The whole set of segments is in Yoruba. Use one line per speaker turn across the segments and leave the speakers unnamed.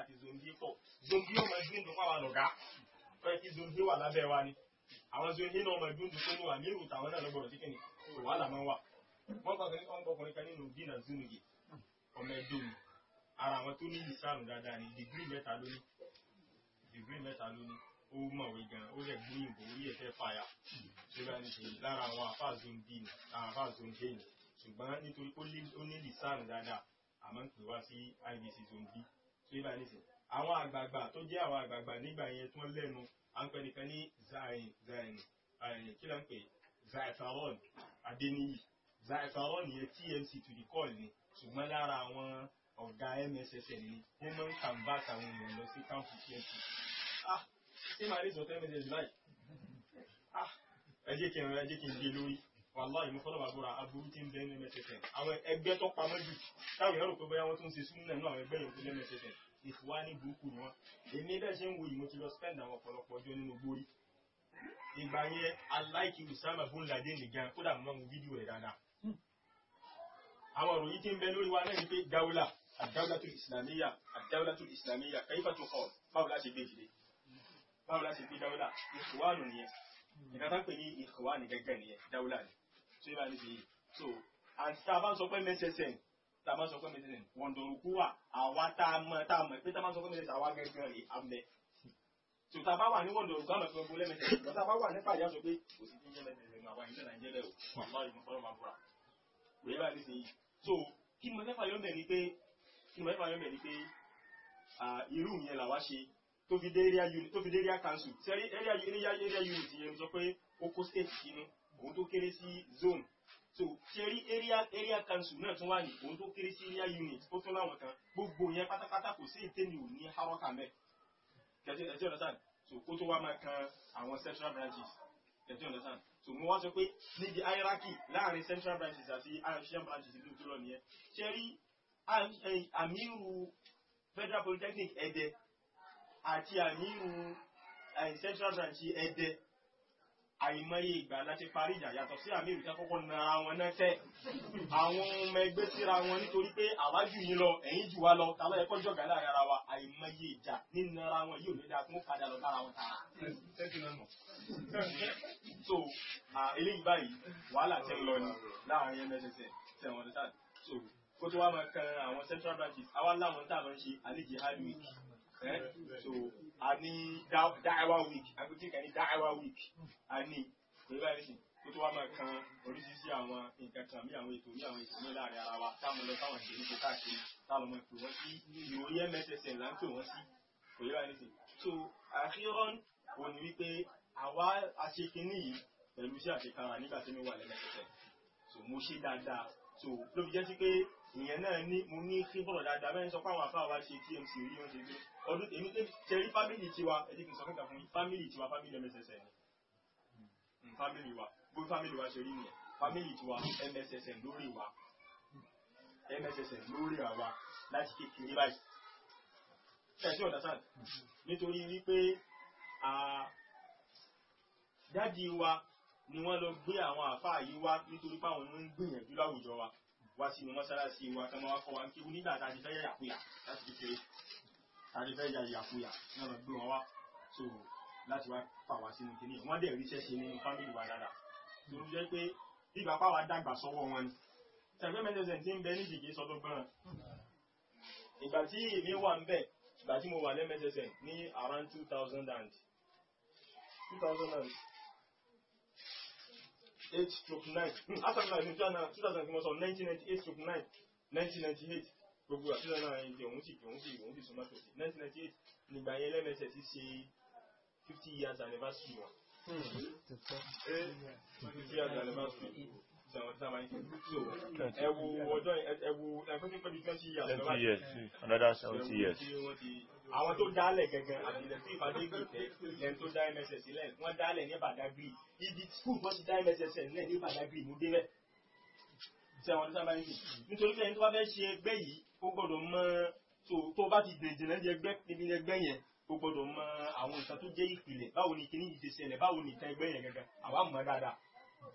àti zongi pọ̀ zongi ó máa gbìndùn fáwọn lọ̀gá ó yẹ kí zongi wà lábẹ́ wa ni àwọn zongi náà máa gbìndùn tó ní wà ní ìrùtà àwọn náà lọ́gbọ̀rọ̀ sí kìnnì wàhálà máa wà wọ́n gbọ́kùnrin kan nínú dínà zunugi ọmọ ẹjọ́ mi ara àwọn tó ní ìsáàrùn dáadáa ni dìgírì mẹ́ta lóní dìgírì mẹ́ta lóní ó mọ̀wé gan ó rẹ̀ gbóyìn bò orí ẹ̀fẹ́ fàyà ni àwọn àfáà zongi ni ṣùgbọ́n nítorí ó ní ìsáàrùn dáadáa àmọ́ ń pè wá sí ibc zongi so yíba nísìn àwọn àgbààgbà tó jẹ́ àwọn àgbààgbà nígbà yẹn tí wọ́n lẹ́nu à ń pè nìkan ní zain zain kí ló ń pè zaifaron adeniyi zaifaron yẹn tmc to the call ni ṣùgbọ́n lára àwọn ọ̀gá mssn ni wọ́n máa ń canvas àwọn èèyàn lọ sí káńpù tmc ah ṣé màá rí sọ̀tẹ́ message báyìí ah ẹ jẹ́ kí n ẹ jẹ́ kí n gbé lórí wàláì mo fọlọ́ bàbúrà aburú tí ń bẹ ní mssn àwọn ẹgbẹ́ tó pamọ́ jù táwọn èèyàn rò pé bóyá wọ́n tún ń ṣe súnmọ́ náà àwọn ẹgbẹ́ yòókù lẹ́mẹ̀ẹ́sẹ̀sẹ̀ ìfúwání burúkú ni wọn èmi bẹ́ẹ̀ ṣe ń wo yìí mo ti lọ spend àwọn ọ̀pọ̀lọpọ̀ ọjọ́ nínú gbórí ìgbà yẹn aláìkí Usama bó ń lajẹ́ nìgan kódà mo máa ń wo fídíò rẹ̀ dáadáa àwọn ìròyìn tí ń bẹ lórí wa náà ni pé dáwúlà àdáwúlàtú ìsìlámíyà àdáwúlàtú ìsìlámíyà kẹfà tó kọ báwo láti gbé ìdílé báwo láti gbé dáwúlà ìkọwánu nìyẹn nǹkan tá ń pè ní ìkọwánu gẹ́gẹ́ nìyẹn dáwúlà ni so yóò bá níbi yìí so àti tá a bá ń sọ pé mẹsẹsẹ tá a máa sọ pé mẹsẹsẹ wọ̀ndọ̀rùkú wà àwa tá a mọ̀ tá a mọ̀ pé tá a máa sọ pé mẹsẹsẹ àwa gẹ́gẹ́ rè amẹ́ tó tá a bá wà ní wọ̀ndọ̀rùkú àmọ̀ pé gbólẹ́ mẹsẹsẹ tó tá a bá wà nípa ìyá sọ pé kò sí jíjẹ mẹsẹsẹ àwa ìjẹ́ nàìjẹ́lẹ̀ o wàhálà ìmọ̀ fọlọ́ máa búra kò yẹ báyìí nísìnyí so kí mo mẹ́fà yọ̀ mẹ́ ni pé kí mo mẹ́fà yọ̀ mẹ́ ni pé irú yẹn làwa ṣe tó fi dé area unit tó fi dé area council sẹ́rí area area area unit yẹn sọ pé so ṣeré area area council náà tún wà ní òun tó kéré sí area unit ó tún láwọn kan gbogbo yẹn pátápátá kò sí ìtẹ́ni òní harọ́kà mẹ́ kẹtí ẹtí ọ̀dọ́sán so kó tó wá máa kan àwọn central branches kẹtí ọ̀dọ́sán so mo wá sọ pé níbi hierarchy láàrin central branches àti asian branches ìlú tó lọ nìyẹn ṣeré àmírù federal polytechnic ẹ̀dẹ̀ àti àmírù central branch ẹ̀dẹ̀ àìmọye ìgbà láti parí ìjà yàtọ̀ sí àmì ìrìkà kọ́kọ́ na àwọn náà tẹ̀ àwọn ọmọ ẹgbẹ́ síra wọn nítorí pé àwájú yín lọ ẹ̀yìn jù wá lọ ta ló yẹ kọjọ́ ara wa àìmọye ìjà nínara wọn yóò nílẹ̀ àtúnwó padà lọ bára wọn tààrà. so eléyìí báyìí wàhálà ti ń lọ ní láàrin ẹnẹsẹsẹ tẹwọn ọdún sáà so kó tó wá máa kan àwọn central branches àwa láwọn tá a lọ ń ṣe àlejò hard week Eh? So a ní dáhàwá week agbẹ́jẹ́ kan ní dáhàwá week a ní pẹ̀lú àìsàn tó tó wá máa kan oríṣiríṣi àwọn nǹkan kan bí àwọn ètò ní àwọn ètò ní láàrin ara wa táwọn lọ táwọn ṣe nípo káàkiri táwọn máa pè wọ́n sí ìròyìn mssn là ń pè wọ́n sí pẹ̀lú àìsàn. So àfihàn òun ni wípé àwa aṣekinní yìí pẹ̀lú iṣẹ́ àṣekára nígbà tí mo wà lẹ́nu ẹ̀sẹ̀ so mo ṣe dáadáa so ló fi jẹ́ sí pé ìyẹn náà ní mo ní fífọ̀rọ̀ dáadáa bẹ́ẹ̀ sọ pé àwọn àfáà wa ṣe tmc rí wọn ṣe gbé ọdún èmi tẹ́ ṣe rí fámìlì tiwa ẹ̀dí kì í sọ kẹta fún yín fámìlì tiwa fámìlì mss ni hmm, fámìlì wa gbé fámìlì wa ṣe rí nìyẹn fámìlì tiwa mss lórí wa mss lórí àwa láti kékeré báyìí ṣẹ̀ṣí ọ̀dásán nítorí wípé dádì wa ni wọ́n lọ gbé àwọn àfáà yìí wá nítorí pé àwọn ni wọ́n ń gbìyànjú láwùjọ wa wá sínú mọ́sálásí wa kí wọ́n máa wá kọ́ wa kí wọ́n nígbà tá a ti fẹ́ yàyà kúyà láti kékeré tàbí fẹ́ ya ìyàkuyà náà lọ gbé wọn wá so láti wá fà wá sínú kìíní wọ́n dẹ̀ ríṣẹ́ ṣe nínú fámìlì wa dáadáa tó jẹ́ pé bí bàbá wa dàgbà sọ́wọ́ wọn ni tẹ̀gbẹ́ mẹ́tẹ̀sẹ̀ ti ń bẹ ní ìdíje sọdún gbọ́n ìgbà tí èmi wà ń bẹ̀ ìgbà tí mo wà lẹ́mẹ́tẹ̀sẹ̀ ní around two thousand and two thousand and eight stroke nine asàkùnrin àti two thousand two thousand kí mo sọ nineteen ninety eight stroke nine nineteen ninety eight gbogbo àṣírí náà ń jẹ òun sì òun sì òun sì súnmọ́ tòsí nineteen ninety eight nígbà yẹn lẹ́mẹsẹ̀ ti ṣe fifty years anniversary wọn. fifty years anniversary ẹ wo ọjọ́ ẹ wo ẹgbẹ́ pẹ̀lú twenty years. twenty years another seventy years. àwọn tó dálẹ̀ gangan àbílẹ̀ tó ìbàdàn ìgbìtẹ́ lẹ́n tó dá mss lẹ́n wọ́n dálẹ̀ ní badagry ibi school wọ́n ti dá mss lẹ́n ní badagry mú débẹ̀. nítorí pé ẹni tó bá fẹ́ ṣe ẹgbẹ́ yìí ó gbọ́dọ̀ mọ tó bá ti dè jìnnà níbi ẹgbẹ́ yẹn ó gbọ́dọ̀ mọ àwọn nǹkan tó jẹ́ ìpìlẹ̀ báwo ni kìíní yìí ti ṣẹlẹ̀ báwo ni nǹkan ẹgbẹ́ yẹn gẹ́gẹ́ àwa mọ̀ dáadáa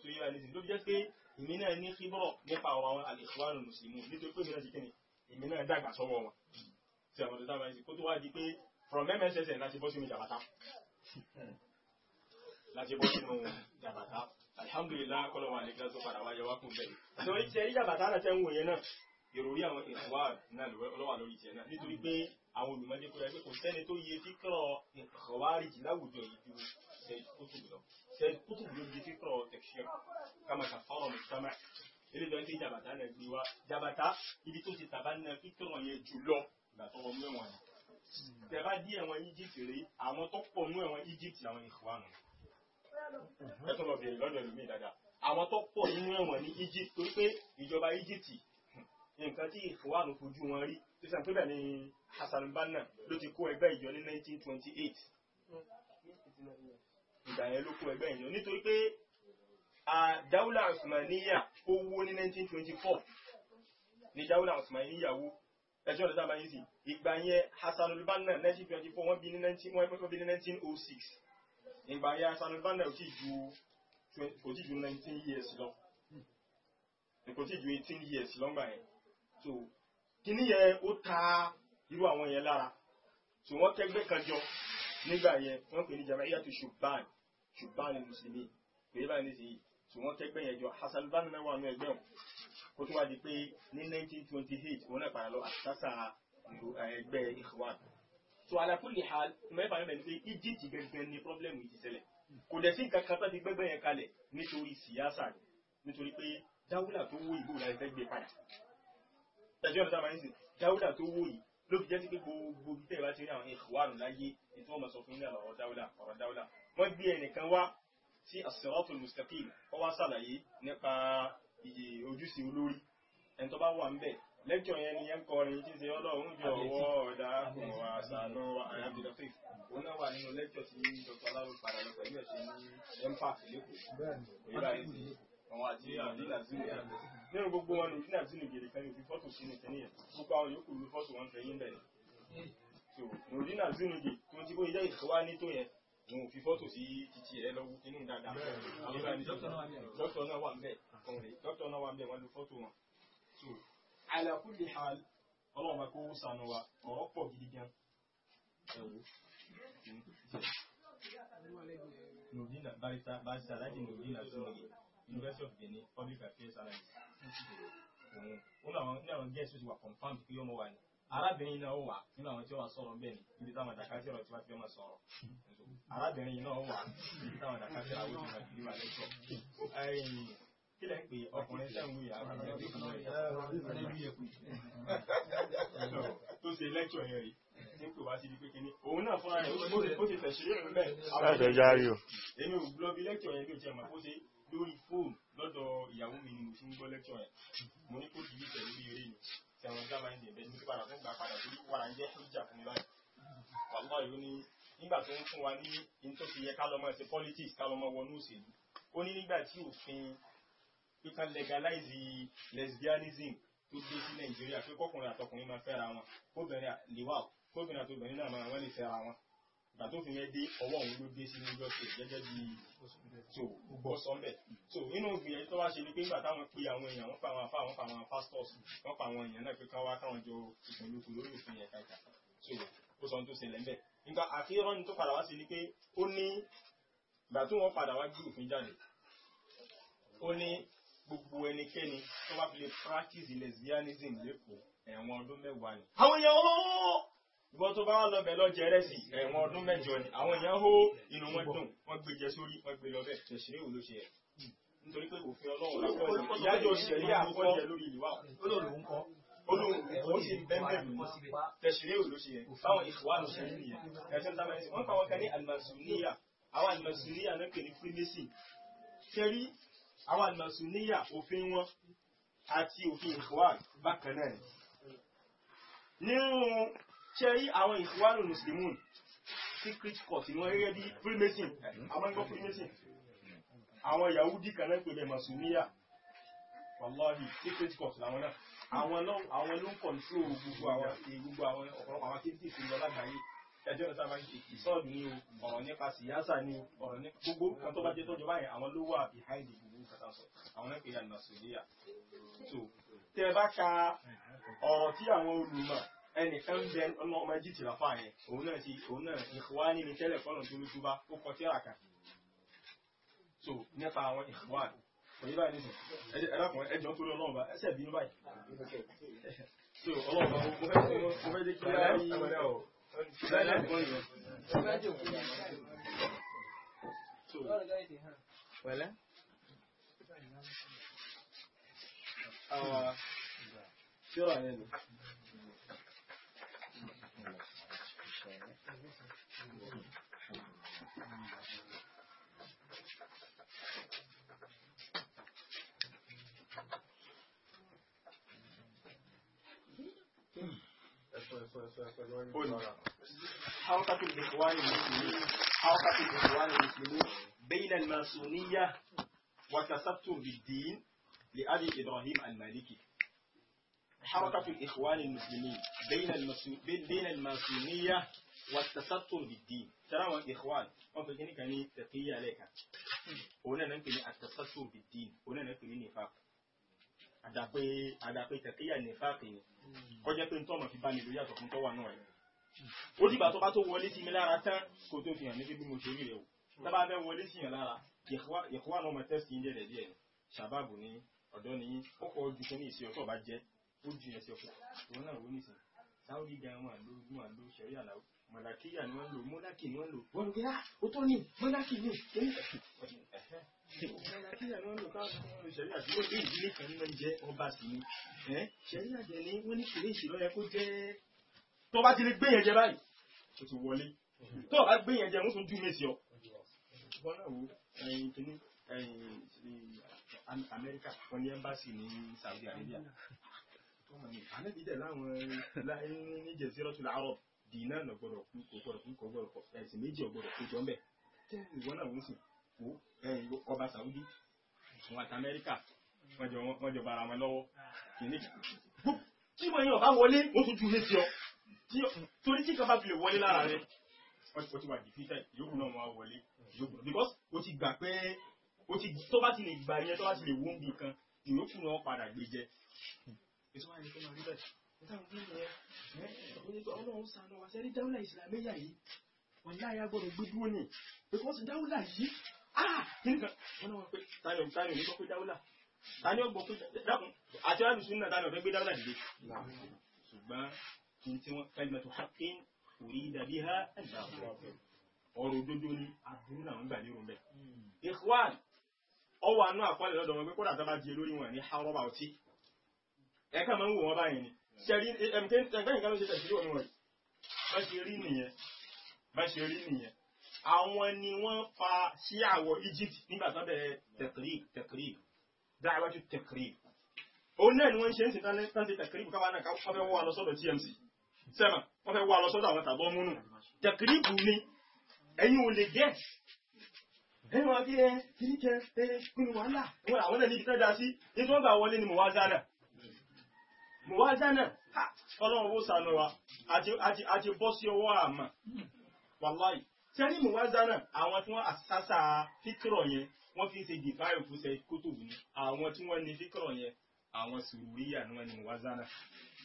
tó yẹ àlejò tó jẹ́ pé èmi náà ní kíbọ̀rọ̀ nípa ọ̀rọ̀ àwọn al-Ikhwan al-Muslimun nítorí pé mi náà ti kíni èmi náà dàgbà sọ́wọ́ wọn tí àwọn ọ̀dọ́ta máa ń ṣe kó tó wá di pé from mssn láti bọ́ sínú jàbàtà láti bọ́ sínú jàbàtà alhamdulillah kọ́lọ́wà nígbà tó padà wáyé wá kún bẹ́ẹ̀ ìròrí àwọn ìwáàd náà lọ́wọ́ lórí tiẹ̀ náà nítorí pé àwọn olùmọdé kúrẹ pé kò sẹ́ni tó yẹ fíkọ ìkọwárìjì láwùjọ yìí ju Sayyid Qutb lọ Sayyid Qutb ló yẹ fíkọ tẹkṣẹ kàmàkà fọrọ mi sámà ilé ìjọ pé jàbàtà náà gbé wa jàbàtà ibi tó ti tàbá náà fíkọ yẹn jù lọ ìgbà tó wọnú ẹ̀wọ̀n yẹn tẹ̀bá dí ẹ̀wọ̀n Egypt rè àwọn tó pọ̀ nú ẹ̀wọ̀n Egypt làwọn ìkọwárùn ẹ̀ tó lọ bẹ̀rẹ̀ lọ́dọ̀ ẹ̀lòmíì dáadáa àwọn tó pọ̀ nínú ẹ̀wọ̀n ní Egypt torí pé ìjọba Egypt nǹkan tí ìfowánu fojú wọn rí tó sàn pé bẹ́ẹ̀ ni Hassan Banna ló ti kó ẹgbẹ́ ìjọ ní 1928 ìgbà yẹn ló kó ẹgbẹ́ ìjọ nítorí pé dáúlà Usmaniya ó wó ní 1924 ní dáúlà Usmaniya wó ẹjọ́ ọ̀dọ́ sábà yìí sí ìgbà yẹn Hassan Banna 1924 wọ́n bí ní 1906 ìgbà yẹn Hassan Banna ò tí ju 19 years lọ kò tí ju 18 years lọ́gbà yẹn so kíní yẹn ó ta irú àwọn yẹn lára so wọ́n kẹ́gbẹ́ kan jọ nígbà yẹn wọ́n pè ní jamaiya to ṣùgbọ́n ṣùgbọ́n mùsùlùmí pé báyìí ní sèyí so wọ́n kẹ́gbẹ́ yẹn jọ Hasan Banna náà wà nù ẹgbẹ́ wọn ó tún wá di pé ní 1928 òun náà padà lọ àtàtà ẹgbẹ́ Ikhwan so alakuli ha mẹ́fà mẹ́fà ní pé Egypt gẹ́gẹ́ ni problem yìí ti ṣẹlẹ̀ kò dẹ̀ sí nǹkan kan tó ti gbẹ́gbẹ́ yẹn kalẹ̀ nítorí siyasa nítorí pé dáwúlà tó wó ìlú rẹ̀ fẹ́ padà tẹ̀síọ́ ọ̀dọ́ àmàlẹ́sì dáúdà tó wò yìí ló fi jẹ́ sí pé gbogbo bí tẹ̀wá ti rí àwọn ìhùwárùn láyé ní tí sọ fún ilé ọ̀rọ̀ dáúdà ọ̀rọ̀ dáúdà wọ́n gbé ẹnìkan wá sí as-siratul ó wá sàlàyé nípa iye ojúṣe olórí ẹni tó bá wà ń bẹ̀ lẹ́kọ̀ọ́ yẹn ni yẹn kọrin tí ń ṣe ọlọ́run jọ ọwọ́ ọ̀dà àkùnwà àwọn àti àdínà sínú kan nínú gbogbo wọn ni fínà sínú gèrè kan ní fi fọ́tò sí títí ẹ lọ́wọ́ inú dáadáa dókítà náà wà ń bẹ̀ kọ̀ọ̀rẹ́ náà wà ń bẹ̀ wọ́n lu fọ́tò wọn so ala kulli ọlọ́run bá kó sànù wa ọ̀rọ̀ pọ̀ gidi gan ẹ̀wò nùdínà barista láti nùdínà sínú gè. University of Benin public affairs analyst òun òun làwọn ní àwọn guest ti wà confam pé yóò mọ wà arábìnrin náà wà nínú àwọn tí wọn sọ̀rọ̀ bẹ́ẹ̀ ni ibi táwọn àdàkà tí ọ̀rọ̀ tí wọn fi máa sọ̀rọ̀ arábìnrin náà wà ibi táwọn àdàkà tí àwọn tí wọn fi máa lẹsọ kí lẹ́ ń ọkùnrin sẹ́wọ̀n yà á rẹ̀ tó ṣe lẹ́kṣọ̀ yẹn rí ní pè wá sí ibi kékeré òun náà fúnra rẹ̀ ó ti tẹ̀sílẹ̀ lórí fóònù lọ́dọ̀ ìyàwó mi ni mo ti ń gbọ́ lẹ́kṣọ̀ ẹ̀ mo ní kó dìbò tẹ̀lé orí eré ni tí àwọn ọjà máa ń dìbẹ̀ ní padà fún gbà padà torí wàrà ń jẹ́ ìjà fún mi báyìí wàhálà yìí ó ní nígbà tó ń fún wa ní in yẹ ká lọ máa ṣe politics ká lọ máa wọnú òṣèlú ó ní nígbà tí òfin pípa legalize lesbianism tó dé sí Nàìjíríà pé kọkùnrin àtọkùnrin máa fẹ́ra wọn kóbìnrin àtobìnrin náà máa wọ́n lè fẹ́ra wọn ìgbà tó fi yẹn dé ọwọ́ òun ló dé sí níjọ́ sí gẹ́gẹ́ bí so gbọ́ sọ́mbẹ̀ so inú ìgbìyànjú tó wá ṣe ni pé nígbà táwọn pe àwọn èèyàn wọ́n pa àwọn afá wọ́n pa àwọn pastors wọ́n pa àwọn èèyàn náà pé káwá káwọn jọ ìpínlùkù lórí òfin yẹn káìka so ó sọ tó ṣẹlẹ̀ ńbẹ̀ nígbà àfihàn tó padà wá sí ni pé ó ní ìgbà tó wọ́n padà wá gbé òfin jáde ó ní gbogbo ẹnikẹ́ni tó bá fi lè practice lesbianism lẹ́kọ̀ọ́ ẹ̀wọ̀n ọdún mẹ́wàá ni. àwọn èèyàn ìwọ́n tó bá wà lọ́bẹ̀ lọ́jẹ́ rẹ́sì ẹ̀wọ̀n ọdún mẹ́jọ ni àwọn èèyàn hó inú wọn dùn wọ́n gbé jẹ sórí wọ́n gbé lọ́bẹ̀ tẹ̀sí ìwò ló ṣe ẹ̀ nítorí pé òfin ọlọ́run lápọ̀ ìyájọ́ òṣèlú àkọ́jẹ lórí ìlú wa olóòwò sì bẹ́ẹ̀ tẹ̀sí ìwò ló ṣe ẹ̀ báwọn ìfowánu ṣe ń yẹ ẹ̀sìn tamẹ́sì wọ́n pa wọn kan ní alimasunia ṣe rí àwọn ìfúwánù muslimun secret court ni wọ́n rẹ́ bí freemason mhm. àwọn ẹgbẹ́ freemason àwọn yahudi kan náà pè bẹ́ẹ̀ masumiya wàláhì secret court làwọn náà àwọn ló ń control gbogbo àwọn gbogbo àwọn ọ̀pọ̀lọpọ̀ àwọn activities ń lọ lágbàáyé ẹjọ́ ìta máa ń ṣe ìsọ́ọ̀dù ní o ọ̀rọ̀ nípa síyáṣà ní o ọ̀rọ̀ ní gbogbo kan tó bá jẹ́ tọ́jú báyìí àwọn ló wà behind the gbogbo kata sọ àwọn náà pè é àná sòríyà. so tẹ bá ka ọ̀rọ̀ tí àwọn olùmọ̀ ẹnìkan ń bẹ ọmọ ọmọ egypt láfa yẹn òun náà ti òun náà ìhùwà ní ní tẹ́lẹ̀ fọ́nà tó lójú bá ó kọ tíra kan so nípa àwọn ìhùwà òyìn báyìí nìsín ẹ̀dàkùnrin ẹjọ́ tó lọ náà bá ẹsẹ̀ bínú báyìí so ọlọ́run bá mo fẹ́ mo fẹ́ dé kí á yí lẹ́yìn àgbọ̀n yẹn. Wẹ̀lẹ́. Ṣé ọ̀rọ̀ yẹn ni? حركة الإخوان المسلمين حركة الإخوان المسلمين بين الماسونية وتستر بالدين لأبي إبراهيم المالكي حركة الإخوان المسلمين بين بين الماسونية والتستر بالدين ترى الاخوان ما بيجيني كاني تقي عليك هنا نكني التستر بالدين هنا نكني نفاق àdàpé àdàpé tẹ̀kíyà nífàkì ni kọjá pé ntọ́mọ̀ fi bá mi lórí àtọ̀kùn tó wà náà ẹ̀ ó dìgbà tó bá tó wọlé sí mi lára tán kó tó fi hàn ní bí mo ṣe rí rẹ̀ o tábà fẹ́ wọlé sí yàn lára ìkúwà náà mọ̀ tẹ́sí ń jẹ́rẹ̀ díẹ̀ ṣàbáàbù ní ọ̀dọ́ ni ó kọ́ ojú kí ní ìṣe ọ̀tọ̀ bá jẹ́ ó ju ẹsẹ̀ ọ̀pọ̀ òun náà wọ́n nìsín sáwọ́dí gan wọn àlọ́ ogun àlọ́ ṣẹ̀rí àlàó mọ̀lákìyà ni wọ́n lò mọ́lákì ni wọ́n lò wọ́n lò yá ah, ó tó ní mọ́lákì ni mọ̀lákìyà ni wọ́n lò káwọn ọmọ ìṣẹ̀lẹ̀ àti wọ́n lé ìdílé kan ní wọ́n jẹ́ ọba sí ni ṣẹ̀lẹ̀ àjẹ́ ni wọ́n ní kìlẹ̀ ìṣìlọ́ yẹ kó jẹ́ tó bá ti lè gbé yẹn jẹ báyìí tó ti wọlé tó bá gbé yẹn jẹ wọ́n tún jú mẹ́sì ọ. wọ́n náà wo ẹyin kìíní Amẹ́ríkà wọ́n ní ẹ́mbásì ní Saudi Arabia. àná dìínà náà gbọ́dọ̀ kú kò gbọ́dọ̀ kú kò gbọ́dọ̀ kọ ẹ̀sìn méjì ọ̀gbọ́dọ̀ kó jọ ń bẹ̀ kí ìwọ náà wọ́n sì kó ọba Saudi wọn àti Amẹ́ríkà wọ́n jọ bara wọn lọ́wọ́ kí wọ́n yàn bá wọlé wọ́n tún tún lé sí ọ torí tí kaba fi lè wọlé lára rẹ o ti wà dìfítà yòókù náà wọn á wọlé yòókù náà because o ti gbà pé o ti tó bá ti lè gbà yẹn tó bá ti lè wó nǹkan yòókù náà padà gbé jẹ hmm. èso ọlọ́run sànà wà sẹ́rí dáúlà ìsìlámẹ́yà yìí wọ́n ní àyà gbọ́dọ̀ gbé dúró ní because dáúlà yìí ah nǹkan wọ́n náà wọ́n pé tayọ̀ tayọ̀ ní gbọ́ dáúlà tani ó gbọ́ pé dákun àti alùsùn náà tayọ̀ fẹ́ gbé dáúlà dìde. ṣùgbọ́n kí n tí wọ́n kalimatu haqqin urida biha ọ̀rọ̀ òdodo ni aburú làwọn gbà lérò bẹ́ẹ̀. ikhwan ọwọ́ àánú àkọọ́lẹ̀ lọ́dọ̀ wọn pé kódà tó bá di olórí wọn ní harọ́bà ọtí ẹ̀ka máa ń wò wọn báyìí ni ṣẹ̀rí ẹ̀mkẹ́yìnká ló ṣe tẹ̀sílò ní wọ̀nyí bá ṣe rí nìyẹn bá ṣe rí nìyẹn àwọn ni wọ́n fa sí àwọ̀ Egypt nígbà tó bẹ̀rẹ̀ tẹ̀kìrì tẹ̀kìrì dáhàwájú tẹ̀kìrì òun náà ni wọ́n ṣe ń sìn tán ṣe tẹ̀kìrì káwá náà wọ́n fẹ́ wọ́ wa lọ sọ́dọ̀ TMC sẹ́mà wọ́n fẹ́ wọ́ wa lọ sọ́dọ̀ àwọn tàbọ̀ múnú tẹ̀kìrì bù ni ẹ̀yin ò lè gẹ̀ ẹ̀yin wọn fi ẹ kìrìkẹ́ ẹ pinnu wàhálà àwọn náà níbi tán dá sí nítorí wọn gbà wọlé ni mo wá mùwázánà ọlọ́run ó sànù wa àti bọ́ sí ọwọ́ àmà wàláì ṣe ní mùwázánà àwọn tí wọ́n àṣàṣà fíkìrọ̀ yẹn wọ́n fi ń ṣe dìbáyò fún ṣe kótó ní àwọn tí wọ́n ní fíkìrọ̀ yẹn àwọn sùúrìyà ni wọ́n ní mùwázánà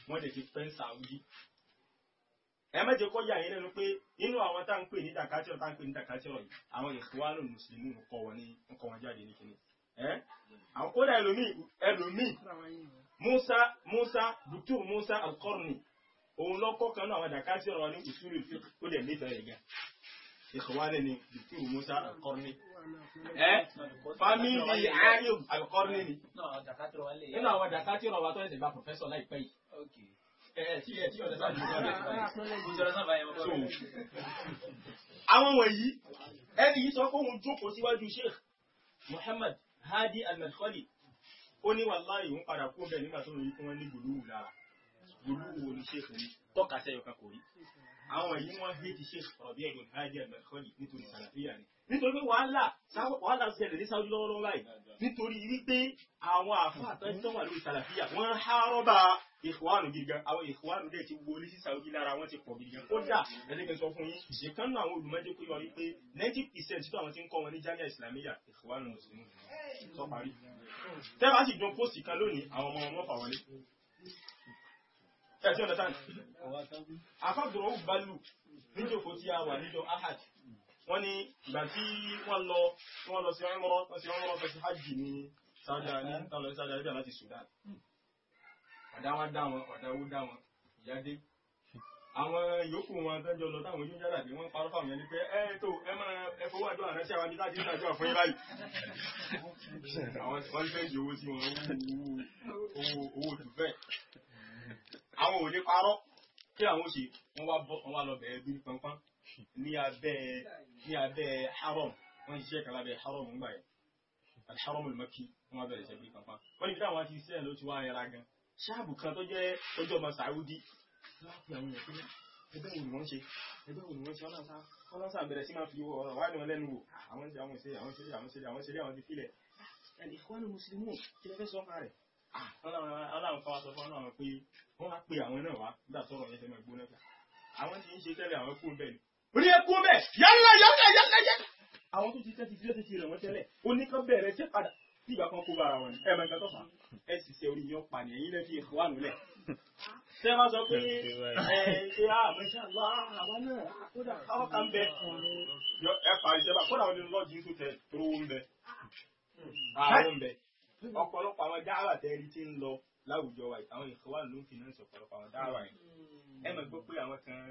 wọ́n lè fi pẹ́ńsà wí ẹ mẹ́jọ kọ́ yà yín lẹ́nu pé nínú àwọn tá à ń pè ní dàkátìrọ̀ tá à ń pè ní dàkátìrọ̀ yìí àwọn musa musa dr musa alkorni òun lọ́kọ́ kan náà àwọn dàkátì ọ̀rọ̀ ní ìṣúrí fi ó dẹ̀ nífẹ̀ẹ́ rẹ̀ gan ìkọ̀wálẹ̀ ni dr musa alkorni ẹ fámìlì ayub alkorni ni nínú àwọn dàkátì ọ̀rọ̀ wa tó ń sèbá pòfẹ́sọ̀ láìpẹ́ yìí àwọn wọ̀nyí ẹni yìí sọ pé òun jókòó síwájú sheikh muhammad hadi al-madkhali ó ní wàláhì òun padà kú bẹ́ẹ̀ nígbà tó ń rí fún wọn ní gbòlúwù lára gbòlúwù wo ni ṣéèkù ní tọ́ka sẹ́yọ̀ kan kò rí àwọn yìí wọ́n hé ti ṣéèkù ọ̀bí ẹ̀gbọ́n hajj al-Madkhali nítorí sàlàfíà ni nítorí pé wàhálà wàhálà ṣẹlẹ̀ ní sáwọ́dí lọ́wọ́lọ́wọ́ báyìí nítorí wípé àwọn àfáà tó wà lórí sàlàfíà wọ́n há rọ́bà ìfọ̀hánù gidi gan àwọn ìfọ̀hánù dẹ̀ ti wọlé sí Saudi lára wọn ti pọ̀ gidi gan kódà ẹ̀dẹ́gbẹ́ sọ fún yín ìkan náà àwọn olùmọ́jẹ́ pé wọ́n rí pé ninety percent tó àwọn ti tẹ́ bá sì jọ pósì kan lónìí àwọn ọmọ ọmọ fàwọlé ẹ̀ tí ọ̀nà tán afábùrọ̀ ó balù níjòkó tí a wà níjọ ahad wọ́n ní ìgbà tí wọ́n lọ wọ́n lọ sí ọmọrọ́ wọ́n sí ọmọrọ́ fẹ́ sí hajj ní sáájà ní tàlọ́ sáájà níbi àláti Sudan ọ̀dá wọn dá wọn ọ̀dá wọn dá wọn ìyá dé àwọn yòókù wọn tẹ́jọ lọ táwọn yóò yára bí wọ́n parọ́ fáwọn yẹn ni pé ẹ tó ẹ máa ẹ fowó àjọ àrẹ sí àwọn ní láti ìdájọ́ àfọyín báyìí. àwọn wọ́n fẹ́ di owó tí wọ́n owó owó jù bẹ́ẹ̀. àwọn ò parọ́ kí àwọn ó wọ́n wá bọ́ wọ́n wá ní abẹ́ haram wọ́n ṣiṣẹ́ kan lábẹ́ haram ńgbà yẹn haram olùmọ́kì wọ́n wá bẹ̀rẹ̀ ṣe bí pọnpọ́n. wọ́n ní bí táwọn ti ṣiṣẹ́ ló ti wá ẹra gan láti àwọn èèyàn sílẹ̀ ẹgbẹ́ òun wọ́n ṣe ẹgbẹ́ òun wọ́n ṣe ọ̀nà sá ọ̀nà sá bẹ̀rẹ̀ sí máa fi ọ̀rọ̀ wá ní wọn lẹ́nu wò àwọn ṣe àwọn ṣe àwọn ṣe àwọn ṣe àwọn ṣe àwọn ti filẹ̀ ah, ìkọ́nù mùsùlùmí kí lè fẹ́ sọ́kà rẹ̀ aláwọn ah, fọwọ́ sọ fún àwọn pé wọ́n á pe àwọn náà wá nígbà tọ́rọ̀ yẹn fẹ́ máa gbóná ká àwọn tí ń ṣe tẹ́lẹ̀ àwọn kú bẹ́ẹ̀ ni orí ẹkú bẹ́ẹ̀ yálà yálà yálà yálà àwọn tó ti tẹ́ ti fi lẹ́sẹ̀ ti rẹ̀ wọ́n tẹ́lẹ̀ ó ní kán bẹ̀rẹ̀ ṣẹ́ padà tí ìgbà kan kó bára wọn ẹ̀ máa ń gbà tọ́fà ẹ̀ sì ṣe orí yẹn pa ni ẹ̀yin lẹ́ fi ìkọ́wánu lẹ̀ ṣé wọ́n sọ pé ẹ ṣe àmọ́ṣẹ́ lọ àwọn náà kódà káwọ́ kan bẹ. ẹ parí ṣe bá kódà wọn ni lọ́ọ̀dì tó tẹ tó ń bẹ ààrùn bẹ ọ̀pọ̀lọpọ̀ àwọn dáhàrà tẹ́rí ti ń lọ láwùjọ wa àwọn ìkọwà ló ń finance ọ̀pọ̀lọpọ̀ àwọn dáhàrà yẹn ẹ mọ̀ gbọ́ pé àwọn kan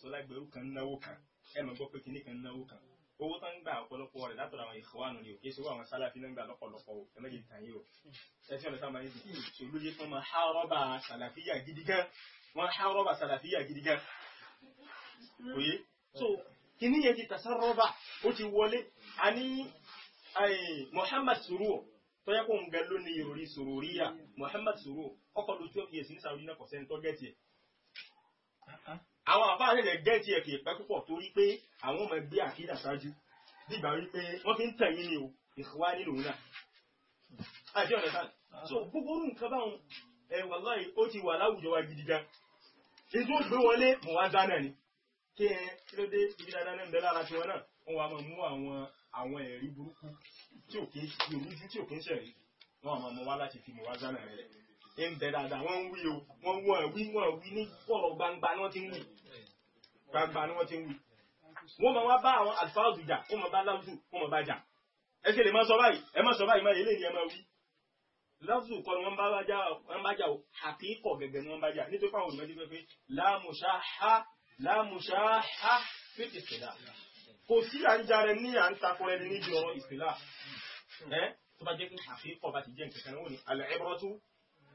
sọlá ìgbẹ́rù kan náwó kan ẹ mọ̀ gbọ́ pé kinní kan náwó kan owó tán ń gbà ọ̀pọ̀lọpọ̀ rẹ̀ látọ̀dọ̀ àwọn ìkọ̀wánu ni òkè ṣòwò àwọn sálàfí náà ń gbà lọ́pọ̀lọpọ̀ ẹ méjì tàn yìí o ẹtí ọ̀nà sábà yìí kí ìṣòlóye tán máa há rọ́bà sàlàfíyà gidi gan wọ́n há rọ́bà sàlàfíyà gidi gan òye so kìíní yẹn ti tàṣà rọ́bà ó ti wọlé a ní Muhammad suru tó ń gẹ lónìí ìròrí sòròríyà Muhammad suru ọkọ̀ lu twelve àwọn àfáà lè jẹ́ tiẹ̀ kì í pẹ́ púpọ̀ torí pé àwọn ọmọ ẹgbẹ́ àkídà ṣáájú dìgbà wípé wọ́n fi ń tẹ̀ yín ni o ìfúwá nílò náà àti ọ̀nà kan so gbogbo nǹkan báwọn ẹ wàláhì ó ti wà láwùjọ wa gidi gan ètò ìgbé wọlé mọ̀ wá dáná ni kí ẹ kí ló dé ibi dáadáa náà ń bẹ lára tiwọn náà wọn wà máa mú àwọn àwọn ẹ̀rí burúkú tí ò kí ń ṣe ìrújú tí ò kí ń ṣẹ̀rí wọn wà máa mọ wá láti fi mọ̀ wá dáná rẹ̀ ń bẹ dáadáa wọ́n ń wí o wọ́n wọ́n wí wọ́n wí ní pọ̀lọ̀ gbangba ni wọ́n ti ń wí gbangba ni wọ́n ti ń wí. wọ́n máa wá bá àwọn àlùfáàzù jà wọ́n máa bá láwùjù wọ́n máa bá jà ẹ sì lè má sọ báyìí ẹ má sọ báyìí má eléyìí ẹ má wí. láwùjù kọ́ ni wọ́n bá jà wọ́n bá jà o àkíkọ̀ gẹ́gẹ́ ni wọ́n bá jà nítorí fáwọn olùmọ̀dé pé láàmùsáhá láàmùsáhá fètè fèlà kò sí à ń jarẹ ní à ń takọ ẹni níbi ọ̀rọ̀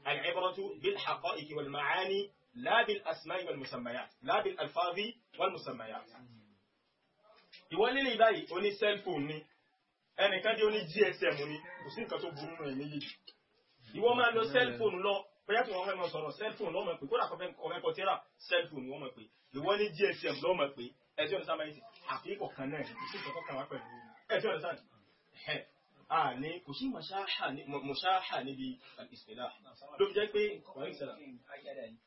العبرة بالحقائق والمعاني لا بالأسماء والمسميات لا بالألفاظ والمسميات ìwọlé báyìí ó cellphone ni ẹnìkan dé ó gsm ni kò sí nǹkan tó burú nù ẹ̀mí ìwọ máa lo cellphone lọ bóyá tí wọ́n sọ̀rọ̀ cellphone lọ́mọ pé kódà kọfẹ́ tíra cellphone wọ́n mọ̀ pé ìwọ ní gsm lọ́mọ pé ẹjọ́ ní sábà kan náà kò sí nǹkan tó kàn wá pẹ̀lú ẹjọ́ ní àní kò sí mọ̀ṣáhà níbi ìsìnlá ló fi jẹ́ pé wàhálà ìsìnlá.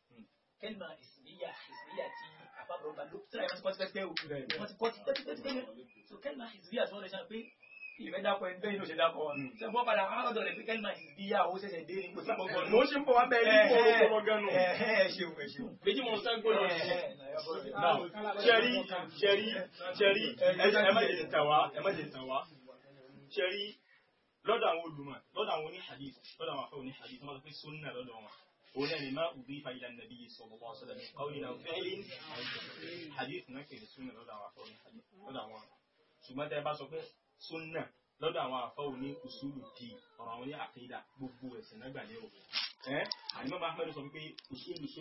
Hmm. kẹ́lìmà ìsìnlíyà ìsìnlíyà tí àpapọ̀ ọba ló tẹ̀lé wọn ti kọ́ ti pẹ́pẹ́ o wọn ti kọ́ ti pẹ́pẹ́ pẹ́pẹ́ so kẹ́lìmà ìsìnlíyà tí wọ́n lè ṣe pé ìfẹ́ dákọ̀ ẹ̀ bẹ́ẹ̀ ni ó ṣe dákọ̀ hmm. ṣe fọ́ padà arábàdàn rẹ̀ pé kẹ́lìmà ìsìnlíyà ó ṣẹ̀ṣẹ̀ dé ní kò sí gbọ́gbọ́n. mo ṣe ń bọ̀ wá bẹ́ẹ̀ ní kò ó gbọ́gbọ́n nù. ẹ ṣeun ẹ ṣeun. méjì mo ń sá gbọ́dọ̀ ṣẹ̀rí ṣẹ̀rí ṣẹ̀rí ẹ má jẹ̀ tàwa ẹ lọ́dọ̀ àwọn olùmọ̀ lọ́dọ̀ àwọn oníhadith lọ́dọ̀ àwọn afẹ́ oníhadith wọ́n sọ pé sunna lọ́dọ̀ wọn òun náà ni má òbí fàyílà nàbí sallallahu alaihi wasallam káwọn ìlànà fẹ́ẹ́lì hadith náà kèrè sunna lọ́dọ̀ àwọn afẹ́ oníhadith lọ́dọ̀ àwọn ṣùgbọ́n tẹ́ bá sọ pé sunna lọ́dọ̀ àwọn afẹ́ oní usulu di ọ̀rọ̀ àwọn ní àkídà gbogbo ẹ̀sìn náà gbà lérò ẹ́ ànímọ́ ahmed sọ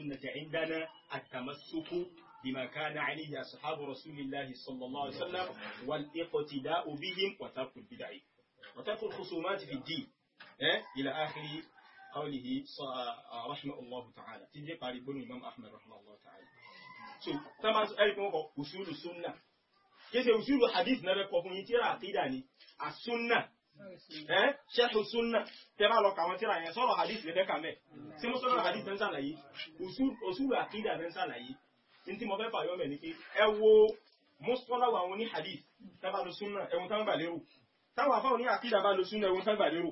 ń dáná àtàmásókú بما كان عليه أصحاب رسول الله صلى الله بهم وترك البدع وترك الخصومات في الدين إلى آخر قوله رحمه الله تعالى تيجي قريبون الإمام أحمد رحمه الله تعالى so tama ẹ̀rí pé wọ́n kọ usulu sunna kìí ṣe usulu hadith náà kọ fún yín tíra àkídà ni asunna ẹ ṣẹ́hù sunna tẹ́ bá lọ kàwọn tíra yẹn sọ̀rọ̀ hadith lẹ́fẹ́ kà mẹ́ tí mo sọ̀rọ̀ hadith fẹ́ ń sàlàyé usulu àkídà fẹ́ ń sàlàyé ní tí mo fẹ́ fàyọ́ mẹ́ ni pé ẹ wo mọ́sọ́lá àwọn oní hadith tẹ́ lọ sunna ẹ̀wọ̀n táwọn gbà lérò táwọn afọ́ ní àkídà bá lo súnà wọn fẹ́gbà lérò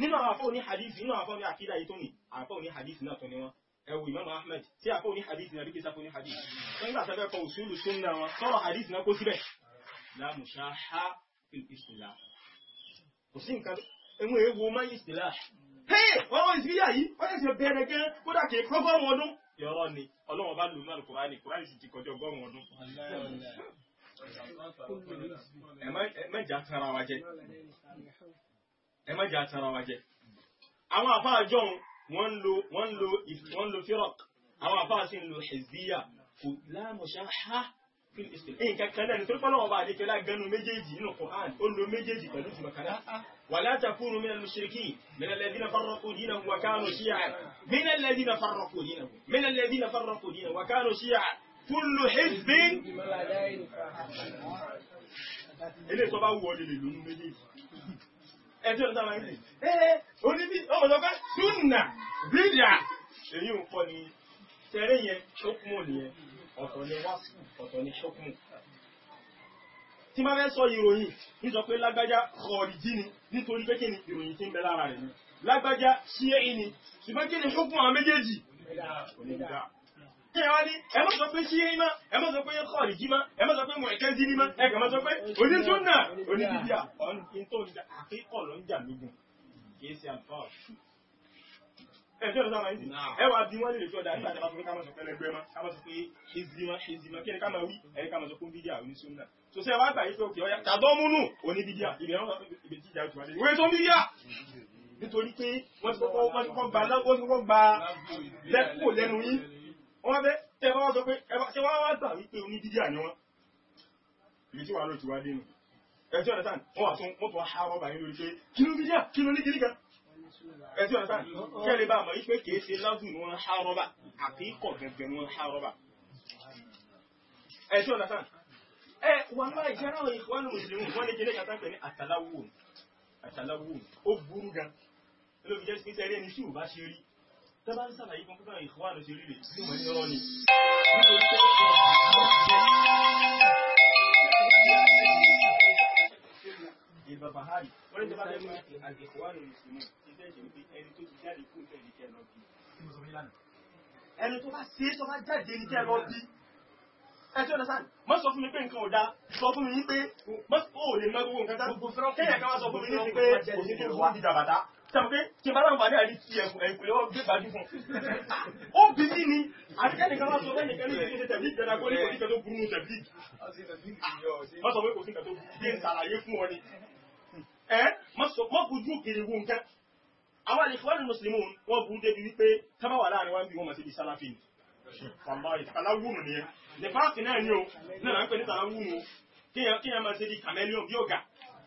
nínú àwọn afọ́ ní hadith nínú afọ́ ní àkídà yìí tó ní afọ́ ní hadith náà tó ní wọn ẹwù Imam Ahmed tí afọ́ ní hadith náà rí kí sáfọ́ ní hadith wọn gbà sábẹ́ kọ òṣùlù súnà wọn sọ̀rọ̀ hadith náà kó síbẹ̀ lámùsá ha ìsìlá kò sí nǹkan ẹ̀wọ̀n ewu má ìsìlá ọ̀rọ̀ ìsìlá yìí wọ́n yẹ ti bẹ̀rẹ̀ gẹ́ kódà kì í kọ́gọ́rùn ọdún yọrọ ni Ọlọ́run bá lù mọ́ ẹ má jà tara wa jẹ ẹ má jà tara wa jẹ àwọn àfa àjọ wọn ń lo wọn ń lo wọn ń lo firaq àwọn àfa àti ń lo hezbiya kò lámọṣá ha fi ìsìlẹ̀ nǹkan kan náà nítorí pọ́nlọ́wọ́ bá àdékẹ́ lágánú méjèèjì nínú Qur'an ó lo méjèèjì pẹ̀lú ìtumọ̀ kan náà wala takunu minal mushrikin minal ladhina farraqu dinahum wa kanu shi'a minal ladhina farraqu dinahum minal ladhina farraqu dinahum wa kanu shi'a. kullu hizbin ilé ìtọ́ bá wù ọ́ lè lè lónú méjèèjì ẹjọ́ ìta máa ń rìn ẹ́ẹ́ oníbí ọmọdọ́gbẹ́ súnà bídà èyí ń kọ́ ni tẹ̀rẹ́ yẹn ṣókùmù nìyẹn ọ̀tọ̀ ni wáṣíù ọ̀tọ̀ ni ṣókùmù tí máa fẹ́ sọ ìròyìn nítorí pé lágbájá kọ̀ọ̀rìjì ni nítorí pé kí ni ìròyìn tí ń bẹ lára rẹ̀ ni lágbájá ṣíẹ́ ìní ṣùgbọ́n kí ni ṣókùmù àwọn méjèèjì kíyàwá ní ẹ má sọ pé ṣíyé má ẹ má sọ pé kọ́ọ̀lìjì má ẹ má sọ pé mọ̀ẹ́kẹ́sí ní má ẹ kà má sọ pé onísúnà onídìdíà ọ̀nìtòlìjà àkíkọ̀ ló ń jà lógun kì í ṣe àlùfáà ẹjọ́ ìrọ̀lá máa ń sìn ẹ wà bí wọ́n lè fi ọ̀dà nígbà tí a bá sọ pé ká máa sọ pé ẹlẹgbẹ́ máa ká máa sọ pé ìzìmọ̀ ìzìmọ̀ kí ni ká máa wí ẹ̀rí ká máa sọ pé ń bídíà òní súnmọ́ tó sẹ́ wá gbà yí pé òkè ọ̀yà tàdọ́múnù òní nítorí pé wọ́n ti kọ́kọ́ gba lẹ́kọ̀ọ́ lẹ́nu yín wọ́n bẹ́ tẹ́bá wọ́n sọ pé ṣe wá wá gbà wípé oní dídí àníwọ́n ibi tí wà ló ti wá dénú ẹ̀tí ọ̀nà tán wọ́n wà tún wọ́n tún ha wọ́n bà ní lórí pé kí ló dídí à kí ló ní kiri kan ẹ̀tí ọ̀nà tán kẹ́lẹ̀ bá mọ̀ wípé kìí ṣe lásùn ní wọ́n ha rọ́bà àti ikọ̀ gẹ̀gẹ̀ ní wọ́n ha rọ́bà ẹ̀tí ọ̀nà tán ẹ wà máa jẹ́ àwọn ìwọ́n mùsùlùmí wọ́n ní kíní kàtà pé ní àtàláwò àtàláwò ó burú gan ló fi jẹ́ tẹ́bá ń sàlàyé kan pípẹ́ ìkọ́wà ló ṣe rí rè tí mo ní ọ̀rọ̀ ni. Ìbàbàhárì, wọ́n ní tẹ́bá tẹ́bá àgbẹ̀kọ́wà ló mùsùlùmí, ti tẹ́ ṣe wípé ẹni tó ti jáde kú tẹ́ ìdíkẹ́ lọ bí. Ẹni tó bá ṣe tó bá jáde ní tẹ́ lọ bí. Ẹ tí ó sáà, má sọ fún mi pé nǹkan ò dáa, sọ fún mi ní pé, ó lè mọ gbogbo nǹkan tá. Kẹ́yà ká wá sọ fún mi ní pé òṣèlú ìwà dídà bàtà sàpé tí bá láǹfà ní àrí tí ẹ̀kùn lọ́wọ́ gbé bàjú fún ó bí ní ni àríkẹ́ni kan láti ọ̀rẹ́ nìkan ní ìdíje tẹ̀bí ìjọba kó ní kò níkan tó burú ní tẹ̀bí wọ́n sọ pé kò sí nǹkan tó burú bí n sàlàyé fún ọ ni ẹ mọ́ fojú kiri wo nǹkan àwọn àlefọ́ ní mùsùlùmí wọn burú débi wípé tábà wà láàrin wọn bí wọn mọ̀ sí ibi sálàfì ni wàláyé kàláwùmù nìyẹn nípa àti náà ni o náà ń pè ní kàláwùmù kíyàn máa ṣe bí kàmẹ́líọ̀n bí ọ̀gá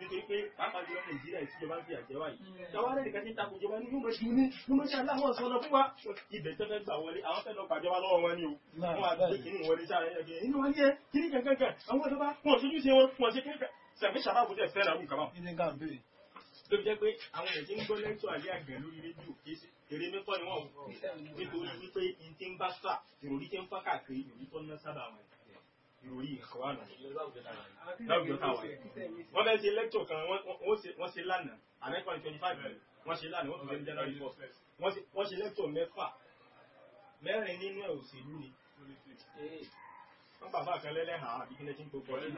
nítorí pé pàápàá jùlọ nàìjíríà ìṣèjọba ń fi àjẹwà mm. yìí táwọn arẹ́nì kan ti ń takò ìjọba ní yóò mọ̀ṣú ní yóò mọ̀ṣú aláwọ̀ sọ̀nà fún wa ibẹ̀ tẹ́fẹ́ gbà wọlé àwọn fẹ́ lọ pàjọba lọ́wọ́ wọn ni o wọn àti pé kìnnìún wọlé sáà ẹgbẹ́ inú wa yẹ kìnnì kankan àwọn ìjọba wọn ṣojú ṣe wọn wọn ṣe kẹ́kẹ́ sẹ̀mí ṣàbàbù tẹ̀ fẹ́ làwọn kàmá. tó jẹ́ pé àwọn ẹ̀jẹ̀ ń gbọ́ lẹ́tọ̀ àlẹ́ àgbẹ̀ lórí rédíò kéṣe èrè mẹ́kọ́ ni wọ́n nítorí wípé n ti ń bá sà ìròrí ti ń fọ́ káàkiri ìròrí tó ń ná sábà wọn ìròyìn ìkọ̀wánà láwùjọ táwọn ẹ̀. wọ́n fẹ́ ṣe lẹ́kítọ̀ kan wọ́n ṣe lánàá àmẹ́kọ̀ ní twenty five wọ́n ṣe lánàá wọ́n tún fẹ́ January four wọ́n ṣe lẹ́kítọ̀ mẹ́fà mẹ́rin nínú ẹ̀ òṣèlú ni. wọ́n bàbá kan lẹ́lẹ́hà àbí kí lẹ́tí ń gbogbo ọdún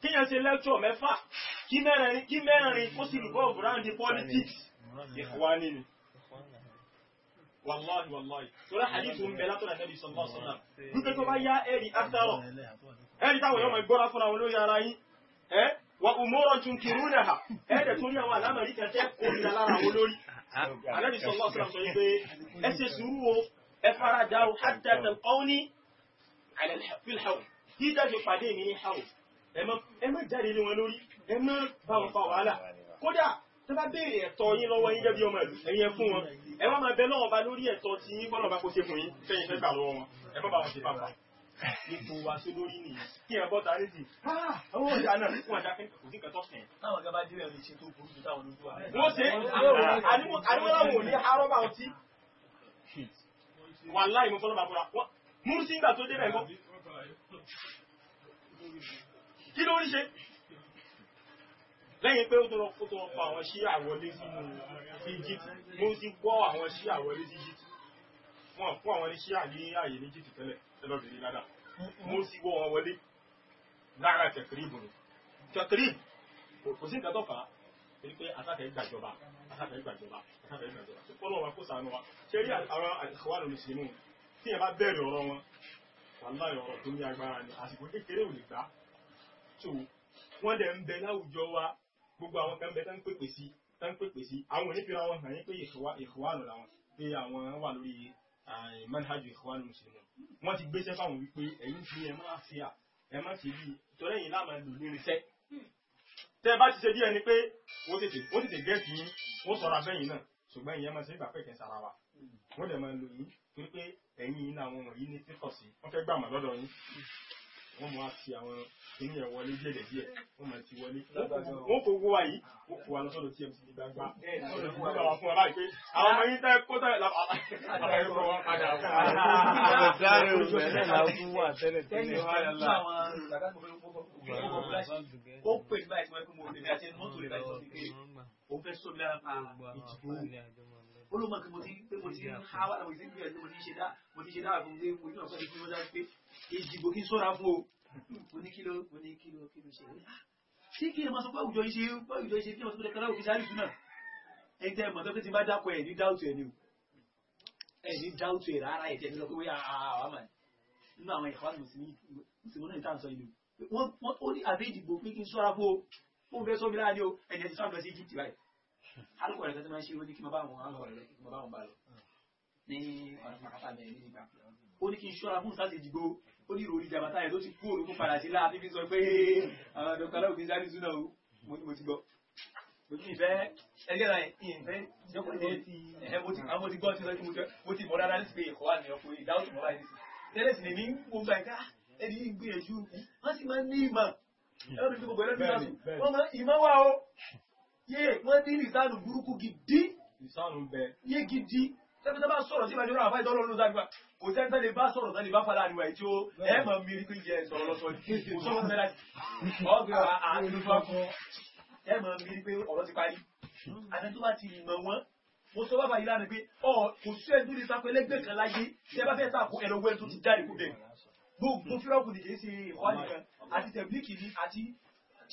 kíyàn ṣe lẹ́kítọ̀ mẹ́fà kí mẹ́rin kó sì rìbọ̀ round politics ìkọ̀wánì ni wàláhì wàláhì torí àdìsù ń bẹ látọ̀dà tẹ́lẹ̀ sọ̀lá sọ̀lá wípé tó bá yá ẹ̀rì afẹ́rọ̀ ẹ̀rì táwọn yọmọ ìgbọ́ra fúnra wọn lórí ara yín ẹ wà òmòrò tún kìrú rẹ̀ hà ẹ̀ẹ́dẹ̀ tó ní àwọn àlámọ̀rí kẹtẹ́ kò ní lára wọn lórí àdìsù sọ̀lá sọ̀lá sọ wípé ẹ ṣe sùúrù o ẹ fara dá o hàdà tẹ ọ́ní fílhàwù kí jáde pàdé mi ní hàwù ẹ má jáde lé wọn lórí ẹ má bá wọn fa wàhálà kódà tẹ bá béèrè ẹ̀tọ́ yín lọ́wọ́ yín jẹ́ bí ọmọ ẹ̀yẹ fún wọn ẹ wá máa bẹ lọ́wọ́ ba lórí ẹ̀tọ́ tí yín bọ́lọ̀ bá kó ṣe fún yín fẹ́yìn fẹ́ gbà lọ́wọ́ wọn ẹ má bá wọn ṣe pàpà ipò wa sí lórí nìyí kí ẹ bọ́ta lé sí owó ìjà náà fún ọjà pé kò sí kẹtọ́ táwọn ọ̀gá bá délẹ̀ lè ṣe tó burú ju táwọn lójú wa. wọ́n ṣe ah, àníwọ̀láwọ̀ ní arọ́bà ọtí wà láì mú fọlọ́bà fúnra múrùsí ìgbà tó débẹ̀ lẹ́yìn pé ó tó lọ kó tó pa àwọn ṣí àwọlé sínú Egypt mo ti gbọ́ àwọn ṣí àwọlé sí Egypt wọn fún àwọn oníṣẹ́ àní àyè ní Egypt tẹ́lẹ̀ tẹ́lọ̀dì ládà mo ti wọ́ wọn wọlé lára tẹ̀kìrìbù ni tẹ̀kìrìbù kò sí nǹkan fà á torí pé asáfẹ́ gbàjọba asáfẹ́ gbàjọba asáfẹ́ gbàjọba tó kọ́ lọ́wọ́ kó sànú wa ṣé rí àwọn àdìsíwárò lè tí ẹ bá bẹ̀rẹ̀ ọ̀rọ̀ wọn wàláhì ọ̀rọ̀ tó ní agbára ni àsìkò kékeré ò lè gbà tó wọ́n dẹ̀ ń bẹ láwùjọ wa gbogbo àwọn kan bẹ tán pèpè sí tán pèpè sí àwọn onífìrà wọn hàn yín pé ìhùwànù làwọn pé àwọn wà lórí manhaj ìhùwànù mùsùlùmí wọn ti gbéṣẹ́ fáwọn wípé ẹ̀yin fi ẹ máa fi à ẹ má fi bí torí ẹ̀yin láàmà lò ní irinṣẹ́ tẹ bá ti ṣe bí ẹni pé wọ́n tètè wọ́n tètè gẹ́ẹ̀tì yín wọ́n sọ̀rọ̀ abẹ́yìn náà ṣùgbọ́n ìyẹn máa ṣe ìgbà pẹ̀kẹ́ sára wa wọ́n dẹ̀ máa lò yín torí pé ẹ̀yin yín náà wọn wọ̀nyí ní títọ̀ sí wọ́n fẹ́ gbà mà lọ́dọ̀ yín wọ́n máa fi àwọn inú ẹ̀ wọlé díẹ̀ díẹ̀ wọ́n máa ti wọlé. wọ́n kò wọ́ wáyé wọ́n kò wá lọ sọ́dọ̀ tmc ní gbangba sọ́dọ̀ tí wọ́n bá wà fún wa báyìí pé àwọn ọmọ yín tẹ́ kó tẹ́ àbá yóò rọ wọn padà. àwọn dáre oṣù tẹ́lẹ̀ náà fún wa tẹ́lẹ̀ tẹ́lẹ̀ wà lọ́la. ó pè báyìí tí wọ́n fẹ́ mọ̀ ọ́ olóòmọ pé mo ti pé mo ti ń háwá mo ti ń gbìyànjú mo ti ń ṣe dá mo ti ṣe dá àfún pé mo ní ọ̀pọ̀ ní kí wọ́n dá pé ìdìbò kí n sọ́ra fún o mo ní kí ló mo ní kí ló kí ló ṣe ah, ṣé kí ẹ máa sọ pé àwùjọ iṣẹ́ pé àwùjọ iṣẹ́ bí wọ́n ti pẹ́ kára òfin sáré túnà ẹni tẹ́ ẹ mọ̀ tó pé ti bá dákọ̀ ẹ̀ ní dáùtù ẹ̀ ni o ẹ̀ ní dáùtù ẹ̀ rárá ẹ̀ tẹ́ ẹ̀ lọ pé wọ́n ah, ah, àwọn nínú àwọn ìfọwọ́n mùsùlùmí náà ìtàn sọ ìlú wọ́n ó ní àbẹ́ ìdìbò pé kí n sọ́ra fún o ó fẹ́ sọ́mi láàrin o ẹ̀yẹ́ ti sọ́ra fún ẹ sí Egypt báyìí alukọ rẹ kẹtẹ máa ń ṣe oní kí n bá wọn alọ rẹ kí n bá wọn bá lọ ní ọ̀nà pàkàtà bẹ̀rẹ̀ ní o ó ní kí n ṣọ́ra fún sáṣẹ ìdìgbò ó ní ìròyìn ìjàmbá táyà tó ti kú òru fún padà sí láàbí fi sọ pé àwọn àdókò aláwọ̀ kì í sáré súná o mo ti mo ti gbọ́ mo ti fẹ́ ẹgbẹ́ náà ìfẹ́ jókòó ṣe ẹ̀hẹ́ mo ti àwọn ti gbọ́ ti sọ pé mo ti mọ̀ rárá ní sípè ẹ̀kọ́ wà ní ọkọ̀ ìdáhùn tó mọ̀ báyìí tẹ́lẹ̀ sì ní gbogbo àìká ẹni gbìyànjú wọ́n máa ń ní ìmọ̀ ẹ̀rọ yé wọ́n ní lìsánù burúkú gidi lìsánù bẹ yé gidi tẹ́fẹ́tẹ́ bá sọ̀rọ̀ sí ìbájú ráàfáì tọ́lọ́ ló dágbà kò tẹ́fẹ́ lè bá sọ̀rọ̀ tẹ́lẹ̀ bá fàdà àríwá tí ó ẹ̀mọ̀ mi rí pé yẹ sọ̀rọ̀ lọ́sọ̀ kò sọ̀rọ̀ tẹ́lẹ̀ ọgbẹ̀ àtúnfà fún ẹ̀mọ̀ mi rí pé ọ̀rọ̀ ti parí àti tó bá ti mọ̀ wọ́n mo sọ bàbá yìí lánàá pé ọ kò sí ẹdún ní sako ẹlẹgbẹ́ kan láyé tí ẹ bá fẹ́ sàkó ẹ̀rọ wẹ́n tó ti jáde kó bẹ́ẹ̀ gbogbo fírọ́ọ̀kù nìyẹn ṣe ìwádìí kan àti tẹ̀blíkì ni àti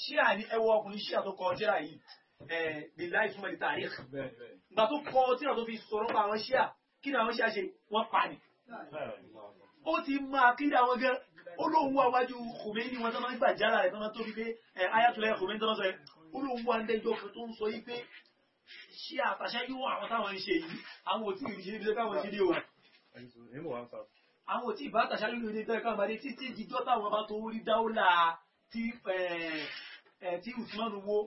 ṣíà ní ẹwọ ọkùnrin ṣíà tó kọ ọjẹ́ra yìí bíláì súnmọ́ ní tàríkì ìgbà tó kọ tí wọ́n tó fi sọ̀rọ̀ pa àwọn ṣíà kí ni àwọn ṣíà ṣe wọ́n pa ni ó ti máa kí ni àwọn gan olóhùn wa wájú Khomeini wọn tó máa ń gbà jára rẹ̀ tó máa tóbi pé eh, ayatollah Khomeini tó máa sọ yẹn olóhùn wa ń dẹjọ́ kan tó ń sọ yìí pé ṣíà àtàṣà yíwọ àwọn táwọn ń ṣe yìí àwọn ò tí ì ṣe níbi táwọn ṣe dé o àwọn ò tí ì bá àtàṣà yíwọ ní ìtọ́ ẹ̀ka àgbàdé títí ìjọ táwọn bá tó rí dáwọ́là eh, eh, tí Usman wo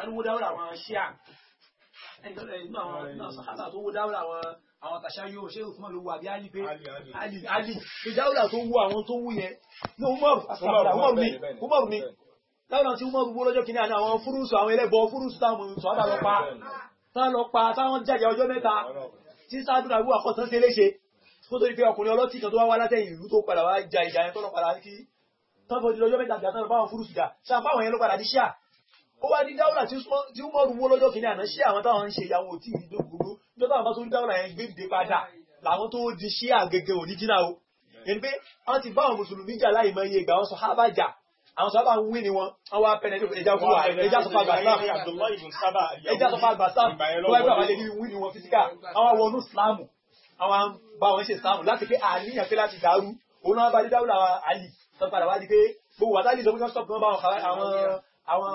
ariwo dáwọ́lá àwọn ṣíà inú àwọn sàkátà tó wó dáwọ́lá àwọn àwọn tàṣà yóò ṣe òfin ló wà bí alì pé alì pé dáwọ́lá tó wó àwọn tó wú yẹn ní umaru umaru ni umaru ni dáwọ́lá tí umaru wó lọ́jọ́ kìíní àná àwọn fúrúsù àwọn ẹlẹ́bọ fúrúsù táwọn sọ́dà lọ pa táwọn lọ pa táwọn jàjà ọjọ́ mẹ́ta tí sádùrà wú àkọ́tán ṣe léṣe tó tó di pé ọkùnrin ọlọ́tì kan tó wá wá látẹ̀yìn ìlú tó padà wá ja ìjà yẹn tó lọ padà kí tọ́fọ́ di lọ́jọ́ mẹ́ta àgbà tán lọ báwọn fúrúsù jà ṣàǹfàwọn yẹn ló padà di ṣíà ó wá ní dáwùlà tí ó mọ̀rù wó lọ́jọ́ kìíní àná ṣé àwọn táwọn ń ṣe ìyàwó tí ìlú dògbòrò níjọ́ táwọn bá tó ń dáwùlà yẹn gbé dìde padà làwọn tó di ṣé àgẹ́gẹ́ òríjìnà o ẹni pé wọ́n ti bá àwọn mùsùlùmí jà láì mọ iye ìgbà wọn sọ hábà jà àwọn sábà ń wí ni wọn wọn wá pẹlẹ ní ẹja fún wa ẹja sọfà gbàtà ẹja sọfà gbàtà wọn gbà ni wọn fisika àwọn wọnú sàmù àwọn bá wọn ṣe sàmù láti pé àníyàn pé láti dàrú wọn bá àwọn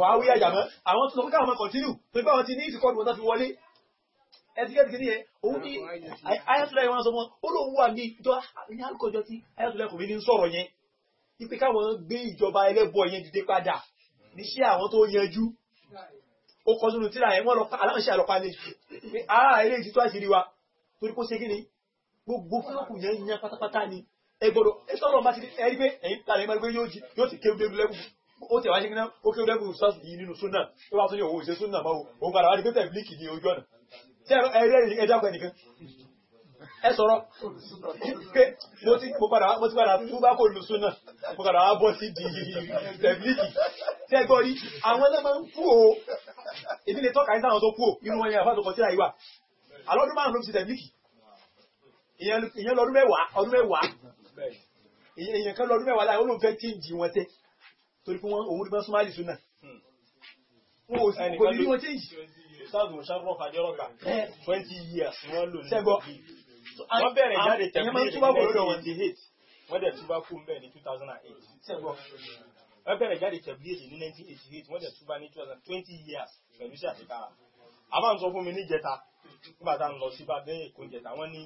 wàáwí eh, àjàmọ́ àwọn tó sọ pé káwọn máa kọ̀tínú pé báwọn ti ní ìsìnkọ́dù wọn tó fi wọlé ẹtikẹ́tì kìíní yẹn òun ní ayatollah yẹn wọn sọ fún ó lóun wà ní ìjọ ní alukọjọ tí ayatollah kò ní ní sọ̀rọ̀ yẹn ipe káwọn gbé ìjọba ẹlẹ́bọ yẹn dìde padà níṣẹ́ àwọn tó yanjú ó kọ sínú tíra yẹn wọ́n lọ aláǹṣẹ́ àlọ́pá ní pé ara ilé ìtítọ́ àṣírí wa torí kó ṣe kí ni gbogbo fúlọ́kù yẹn yan pátápátá ni ẹ gbọ́dọ̀ ẹ sọ̀rọ̀ bá ti rí pé ẹ̀yìn tààrẹ mẹ́rin pé yóò ti kéwú dé lẹ́kùn ó tẹ̀ wá ṣe kíná ó kéwú lẹ́bù sọ́ọ̀sì yìí nínú súnà tó wá tún ní òun ò ṣe súnà mọ́ òun padà wá di pépè bílíkì ní ojú ọ̀nà tí ẹ̀rẹ́ ẹ̀dá ọ̀pẹ nìkan ẹ sọ̀rọ̀ pé mo ti padà tún bá kò lù súnà mo padà wá bọ́ sí di tẹ̀bílíkì tẹ́gbọ́ rí àwọn ẹlẹ́ máa ń kú o èdè lè tọ́ka ìsáwọn tó kú o inú wọn yẹn àfáàtò kọ síra ìwà alọ́dún márùn ló ti tẹ̀bílíkì ìyẹn lọ́dún mẹ́wàá ọdún mẹ́wàá ìyẹn kan lọ́dún mẹ́wàá láì olóòfẹ́ tí ń jí wọn tẹ́ torí fún òun rí bá súnmọ́lì súnà wọ́n ò sí kò ní wọ́n change. sáàdù sáàrọ̀ fàjọ́rọ̀gbà eh. twenty years wọ́n lò ní ìgbì wọ́n bẹ̀rẹ̀ jáde tẹ̀lé lórí twenty eight wọ́n dẹ̀ túbá kú mbẹ́ ní two thousand and eight wọ́n bẹ̀rẹ̀ jáde tẹ̀lé ní nineteen eighty eight wọ́n dẹ̀ túbá ní two thousand twenty years pẹ̀lú sí àtikára àbá ń sọ fún mi ní jẹta nígbà tá à ń lọ sí bàbá èkó jẹta wọ́n ní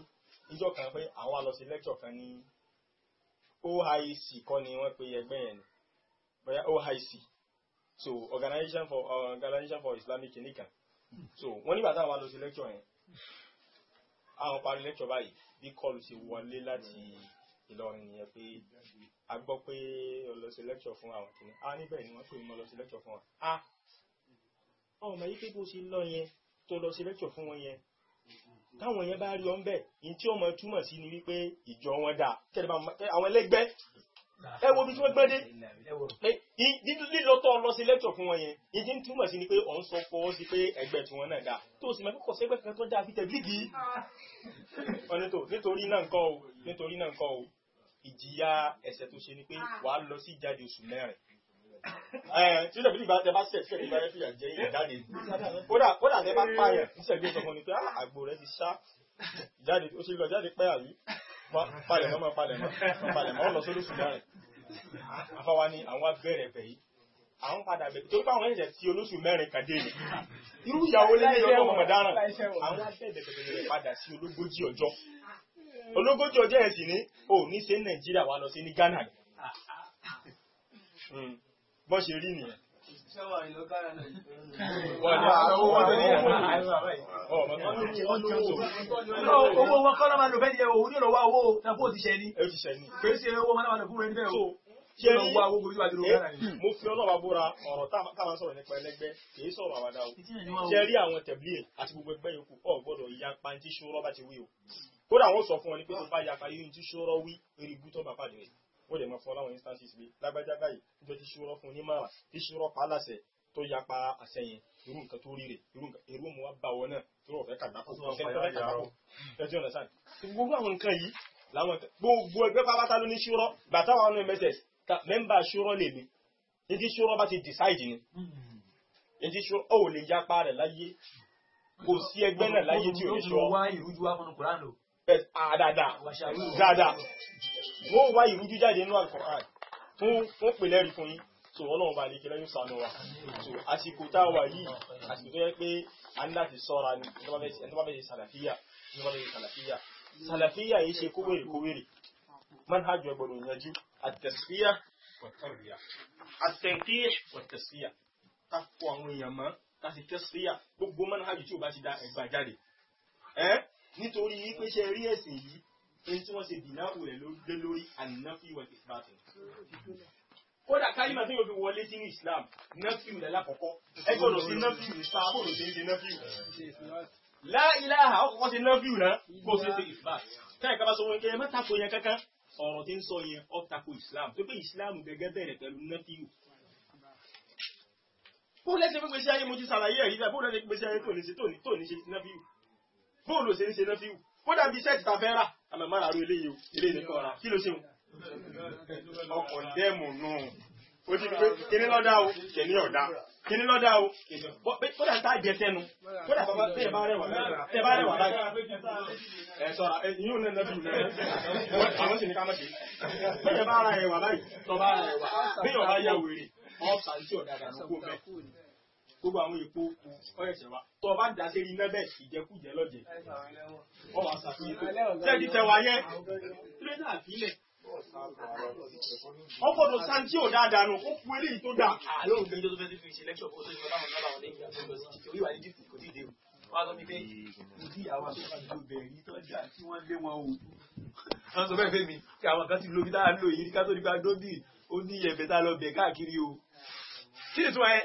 ìjọ kan pé àwọn àlọ́ sí kan ní OIC kọ́ ni wọ́n pe ẹgbẹ́ yẹn ni bóyá OIC so organization for uh, organization for Islamic nìkan so wọ́n nígbà táwọn lọ sí lecture yẹn àwọn parí lecture báyìí bí kọlù ti wọlé láti Ìlọrin nìyẹn pé a gbọ́ pé ó lọ sí lecture fún àwọn kìnnì a níbẹ̀ ni wọ́n pè mọ́ lọ sí lecture fún wa a ọmọ yìí pé bó ṣe lọ yẹn tó lọ sí lecture fún wọn yẹn táwọn yẹn bá rí ọ ń bẹ̀ ní tí ọmọ túmọ̀ sí ni wípé ìjọ wọn dà kẹ́lẹ́ bá àwọn ẹlẹ́gbẹ́ ẹ wo bí tí wọ́n gbé dé lílọ́tọ̀ lọ sí lẹ́tọ̀ fún wọn yẹn ìdí ń túmọ̀ sí ni pé ọ̀n sọ fọwọ́ sí pé ẹgbẹ́ tí wọ́n náà dá tó sì máa kọ́kọ́ sẹ́gbẹ́ kan tó dá fi tẹ̀lé yìí ọ̀nẹ́tò nítorí náà nǹkan o nítorí náà nǹkan o ìjìyà ẹ̀ṣẹ̀ tó ṣe ni pé ah. wàá lọ sí ìjáde oṣù mẹ́rin tí ìjọba ìbá tẹ bá sẹ̀ tí ìjọba ìbá jẹ́ ìjáde kódà palẹ̀mọ́ máa palẹ̀mọ́ palẹ̀mọ́ lọ sórí Sudan afáwa ni àwọn abẹ́rẹ̀ pẹ̀ yìí àwọn padà bẹ̀ tó bá àwọn ẹ̀jẹ̀ tí olóṣù mẹ́rin kàdé yìí irú ìyàwó lẹ́yìn ọjọ́ ọmọ dáràn àwọn abẹ́rẹ̀ pẹ̀lú padà sí ológójì ọjọ́ ológójì ọjọ́ ẹ̀ sì ní ò ní ṣe Nàìjíríà wa lọ sí ní Ghana hmm. bọ́n ṣe rí nìyẹn Owó wọn kọ́ lọ́mà lò bẹ́ẹ̀ yẹ òun ní ìlọ́wọ́ owó náà bó ní. Ẹ ti ní. Kèé ṣe owó máa fún ẹni bẹ́ẹ̀ o. Kí ẹni wá owó gbogbo ìwádìí lóra ni. Mo fi ọlọ́wà bóra ọ̀rọ̀ táwọn sọ̀rọ̀ nípa ẹlẹ́gbẹ́ kìí sọ̀rọ̀ àwàdà o. Ṣé rí àwọn tẹ̀blé àti gbogbo ẹgbẹ́ yòókù ọ̀ gbọ́dọ̀ ya pàǹtí ṣòro bá ti wí o. Kódà wọ́n sọ fún ọ ní pé tó bá yapa yóò ti ṣòro wí erigbú tó bá pàdé rẹ̀ wọ́n lè mọ fún láwọn instances bí lágbájá báyìí níjọ́ tí ṣúrọ́ fún onímọ̀ràn tí ṣúrọ́ pa aláṣẹ tó yapa àṣẹ yẹn irú nǹkan tó rí rè irú mu wá bá wọn náà tí wọ́n fẹ́ kàgbákò ẹjọ́ ọ̀nà sáà gbogbo àwọn nǹkan yìí láwọn gbogbo ẹgbẹ́ pápátá ló ní ṣúrọ́ gbàtà wọn ní mẹ́tẹ̀ẹ̀s mẹ́mbà ṣúrọ́ lè mi ìdí ṣúrọ́ bá ti decide ni ìdí ṣúrọ́ ó lè yapa rẹ̀ láyé
kò sí ẹgbẹ́ náà láyé tí ò ní ṣúrọ́.
dáadáa dáadáa wọ́n wá ìrújú jáde nínú Al-Qur'an fún pè lẹ́rìí fún yín so ọlọ́run bá lè kí lẹ́yìn sànú wa so àsìkò tá a wà yìí àsìkò tó yẹ pé a ní láti sọ́ra ni ẹni bá bẹ̀rẹ̀ sàlàfíà ẹni bá bẹ̀rẹ̀ sàlàfíà sàlàfíà yìí ṣe kówèrè kówèrè manhajù ẹ gbọ́dọ̀ yanjú àtẹ̀síyà wọ̀tẹ̀ríyà àtẹ̀kíyà wọ̀tẹ̀síyà ká kó àwọn èèyàn mọ́ ká sì tẹ̀síyà gbogbo manhajù tí o bá ti da ẹgbàá jáde ẹ nítorí pé ṣe rí ẹ̀sìn yìí èyí tí wọ́n ṣe dìnáwó rẹ̀ lé lórí ànáfí wal ìfàtì. kódà kálímà tó yóò fi wọlé sínú Islam náfíù lẹ́la kọ̀kọ́ ẹ gbọ́dọ̀ sí náfíù ní sáà bóòdù sí ṣe náfíù. la ilaha ọkọ̀ sí náfíù náà kó ṣe ṣe ìfàtì. táyì kaba sọ wọn kẹ ẹ má tako yẹn kankan ọ̀rọ̀ tí ń sọ yẹn ó tako Islam tó pé Islam gẹ́gẹ́ bẹ̀rẹ̀ pẹ̀lú náfíù. bó lẹ́sẹ̀ fún gbèsè ayé mo ti ṣàlàyé ẹ̀rí bó lẹ́sẹ̀ gbèsè ayé tòní ṣe tòní ṣe náfíù bó lọ ṣe ń ṣe náfíù kódà bí sẹ́ẹ̀tì ta fẹ́ rà àmọ́ mara ru eléyìí o eléyìí nìkan ra kí ló ṣe o ọkọ̀ dẹ́mù nù o ti pé kíní lọ́dá o kìíní ọ̀dá kíní lọ́dá o kódà tá a jẹ sẹ́nu kódà bàbá tẹ̀ bá rẹwà tẹ̀ bá rẹwà báyìí ẹ sọ̀rọ̀ ẹ yóò nẹ̀ nẹ́bí nẹ̀ àwọn sì ní ká má ṣe bẹ́ẹ̀ bá ara ẹ̀wà báyìí tọ́ bá ara ẹ̀wà bẹ́ẹ̀ ọ̀rá yà wèrè ọ̀sán tí ọ̀dà dànù kó gbogbo àwọn èpo kù ọ̀yẹ̀sẹ̀ wa tó o bá dá sí iná bẹ́ẹ̀ ìjẹkújẹ lọ́jẹ̀ ọwọ́ àṣàfihàn tẹ́ẹ̀dì tẹ̀wá yẹn tírẹ́dà àfilẹ̀ wọ́n gbọ́dọ̀ sáà tí ò dáadáa nù ó kú eléyìí tó dáa. àlọ́ òun gbẹ́jọ́ tó fẹ́ fi ṣe lẹ́kṣọ̀ kó tó yọ láwọn lára ọ̀lẹ́ ìgbà tó lọ sí ìtòrí ìwà nídìí kò ní ìdè o wọ́n á sọ pé kò sí àwọn àṣọ bẹ̀rẹ̀ tọ́jà tí wọ́n fẹ́ mi kí àwọn kan ti lo ibi tá a lò yìí ká tó nípa dóbì ó ní ẹ̀bẹ̀ tá a lọ bẹ̀ káàkiri o. kí ni tí wọ́n yẹ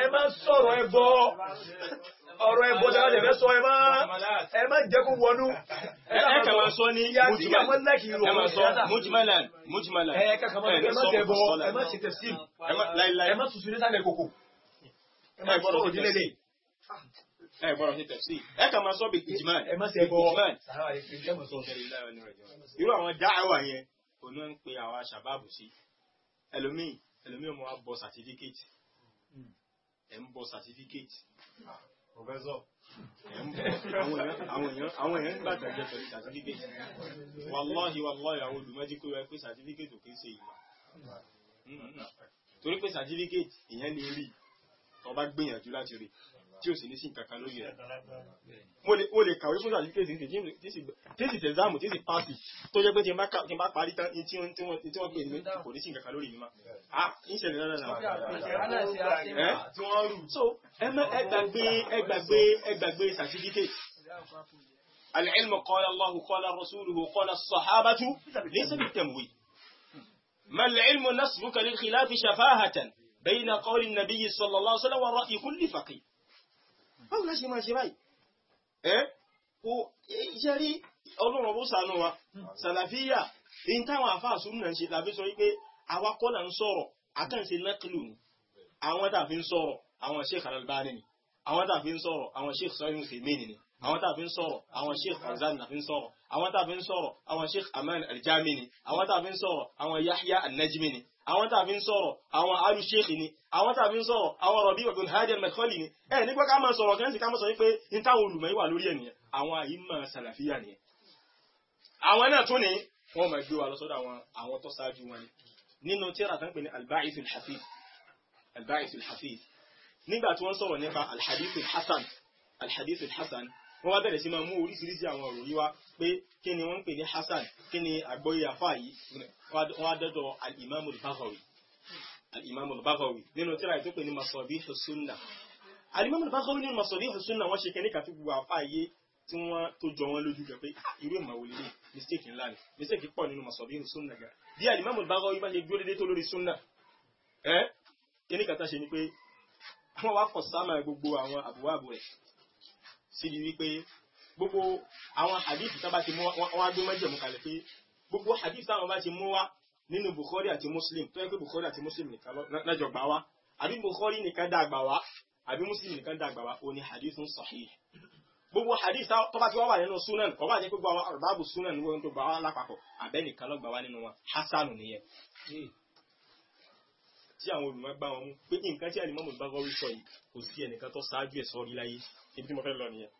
ẹ má sọ̀rọ̀ ẹbọ ọ̀rọ̀ ẹbọ dára lè fẹ́ sọ ẹ má ẹ má jẹ́ kó wọnú. ẹ kà máa sọ ní mujmalan mujmalan ẹ kà máa sọ ẹ má tẹ bọ ẹ má ṣe tẹ sí ẹ má tutù ní sálẹ̀ koko ẹ má sọ̀rọ̀ òdílé lè ẹ gbọ́dọ̀ ní tẹ̀sí ẹ kà máa sọ bí ìjìmán ẹ má ṣe bọ ìjìmán irú àwọn dáhàwà yẹn òun ń pe àwa ṣàbáàbù sí ẹlòmíì ẹlòmíì ọmọ wa bọ sàtífíkẹ́tì ẹ̀ ń bọ certificate professor ẹ̀ ń bọ àwọn èèyàn àwọn èèyàn ń gbàgbọ́ jẹ pẹ̀lú certificate wàláhi wàláhi àwọn olùmọ́jí pé pé certificate ò kí ń ṣe ìmọ̀ torí pé certificate èèyàn lè rí tó bá gbìyànjú láti rí tí ó sì ní sí nǹkan kan lórí rẹ̀ mo lè kàwé fún àti tí sì tẹ̀sáàmù tí sì pàṣì tó jẹ́ pé tí n bá parí tán tí wọ́n pè ní kò ní sí nǹkan kan lórí mi mọ́ a ń ṣẹlẹ̀ náà náà so ẹ gbàgbé ẹ gbàgbé ẹ gbàgbé certificate العلم قال الله قال رسوله قال الصحابة ليس بالتمويه ما العلم نسبك للخلاف شفاهة بين قول النبي صلى الله عليه وسلم والرأي كل فقيه báwo lẹ́ṣe máa ṣe báyìí ẹ́ kò iṣẹ́ rí ọlọ́run bó sànú wa sàlàfíyà in táwọn àfáà súnmù náà ṣe làbí sọ wípé àwa kọ́ là ń sọ̀rọ̀ àkànṣe nákìlù ni àwọn tá a fi ń sọ̀rọ̀ àwọn Sheikh Al-Albani ni àwọn tá a fi ń sọ̀rọ̀ àwọn Sheikh sọ́yìn fèmínì ni àwọn tá a ń sọ̀rọ̀ àwọn Sheikh Fauzan náà ń sọ̀rọ̀ àwọn tá ń sọ̀rọ̀ àwọn Sheikh Aman al ni àwọn tá ń sọ̀rọ̀ àwọn Yahya an ni àwọn tàbí ń sọ̀rọ̀ àwọn alu sheikh ni àwọn tàbí ń sọ̀rọ̀ àwọn rọ̀bí ibn hadi al-madkhali ni ẹ nígbà ká máa sọ̀rọ̀ kẹ́ńsì ká máa sọ wípé n táwọn olùmọ̀ wà lórí ẹ̀nìyàn àwọn àyímọ̀ sàlàfíà nìyẹn. àwọn náà tún ni wọ́n máa gbé wa lọ sọ́dọ̀ àwọn àwọn tó ṣáájú wọn ni nínú tíra tán pè ní al-ba'ith al-hafiz al-ba'ith al-hafiz nígbà tí wọ́n sọ̀rọ̀ nípa al-hadith al-hasan al-hadith al-hasan wọ́n wá bẹ̀rẹ̀ sí máa mú oríṣiríṣi àwọn ọ̀rọ̀ yìí wá pé kí ni wọ́n ń pè ní hasan kí ni àgbọ́yé àfáà yìí wọ́n wá dọ́dọ̀ al-imamu al-Baghawi al-imamu al-Baghawi nínú tíra ètò pé ní masabihu sunnah al-imamu al-Baghawi nínú masabihu sunnah wọ́n ṣe kẹ́ní kàfi gbogbo àfáà yé tí wọ́n tó jọ wọn lójú gẹ̀ pé ah, irú ìmọ̀ wò mistake ńlá ni mistake pọ̀ nínú masabihu sunnah gà bí al-imamu al-Baghawi bá ṣe dúró dédé tó lórí sunnah ẹ́ kẹ́ní kàtà ṣe ni pé wọ́n wá kọ̀ sáàmà gbogbo àwọn àbúwá àbúrẹ̀ síbi wípé gbogbo àwọn hadith tó bá ti mú wọn á gbé mọ́jẹ̀mú kalẹ̀ pé gbogbo hadith táwọn bá ti mú wá nínú Bukhari àti Muslim tó yẹ pé Bukhari àti Muslim nìkan lọ́jọ́ gbà wá àbí Bukhari nìkan dá gbà wá àbí Muslim nìkan dá gbà wá ó ní hadith sahih gbogbo hadith tó bá ti wá wà nínú sunan kọ́ bá jẹ́ pé gbogbo àwọn arbaabu sunan ni wọ́n tó gbà wá lápapọ̀ àbẹ́ nìkan ló gbà wá nínú wọn hasanu nìyẹn tí àwọn olùmọ̀ gbà wọn mú pé nǹkan tí àlìmọ́mù bá gọ́rí sọ yìí kò sí ẹnìkan tó ṣáájú ẹ̀ sọ́rí ibi tí mo fẹ́ lọ nìyẹn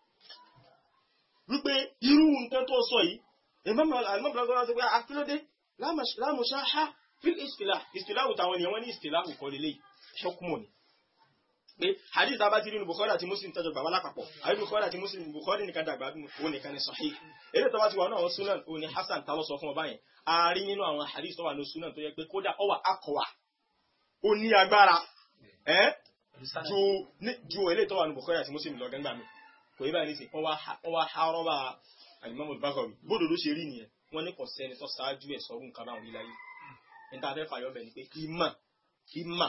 wípé irú nǹkan tó sọ yìí ìmọ̀mọ̀lá sọ pé akílódé ah, lámùṣá ha fil ìsìlá ìsìlá òtàwọn ènìyàn wọn ní ìsìlá òkọ lélẹ̀ ṣọkùmọ ni pé hadith abá ti rí Bukhari àti Muslim tọjọ bàbá lápapọ̀ àbí Bukhari àti Muslim Bukhari nìkan dàgbà òun nìkan ni sahih eré tó bá ti wà náà sunan òun ni Hasan tàwọn sọ fún ọba yẹn ààrin nínú àwọn hadith tó wà ní sunan tó yẹ pé kódà ó akọwà ó ní agbára ju ilé tó wà ní Bukhari àti Muslim lọ gẹ́gbà mi kò yí báyìí nísìnyí wọ́n wá há rọ́bà Al-Imam Al-Baghawi bódò ló ṣe rí nìyẹn wọ́n ní kò sẹ́ni tó ṣáájú ẹ̀ sọ́rù nǹkan báwọn láyé níta fẹ́ fàyọ bẹ̀ ni pé kí mà kí mà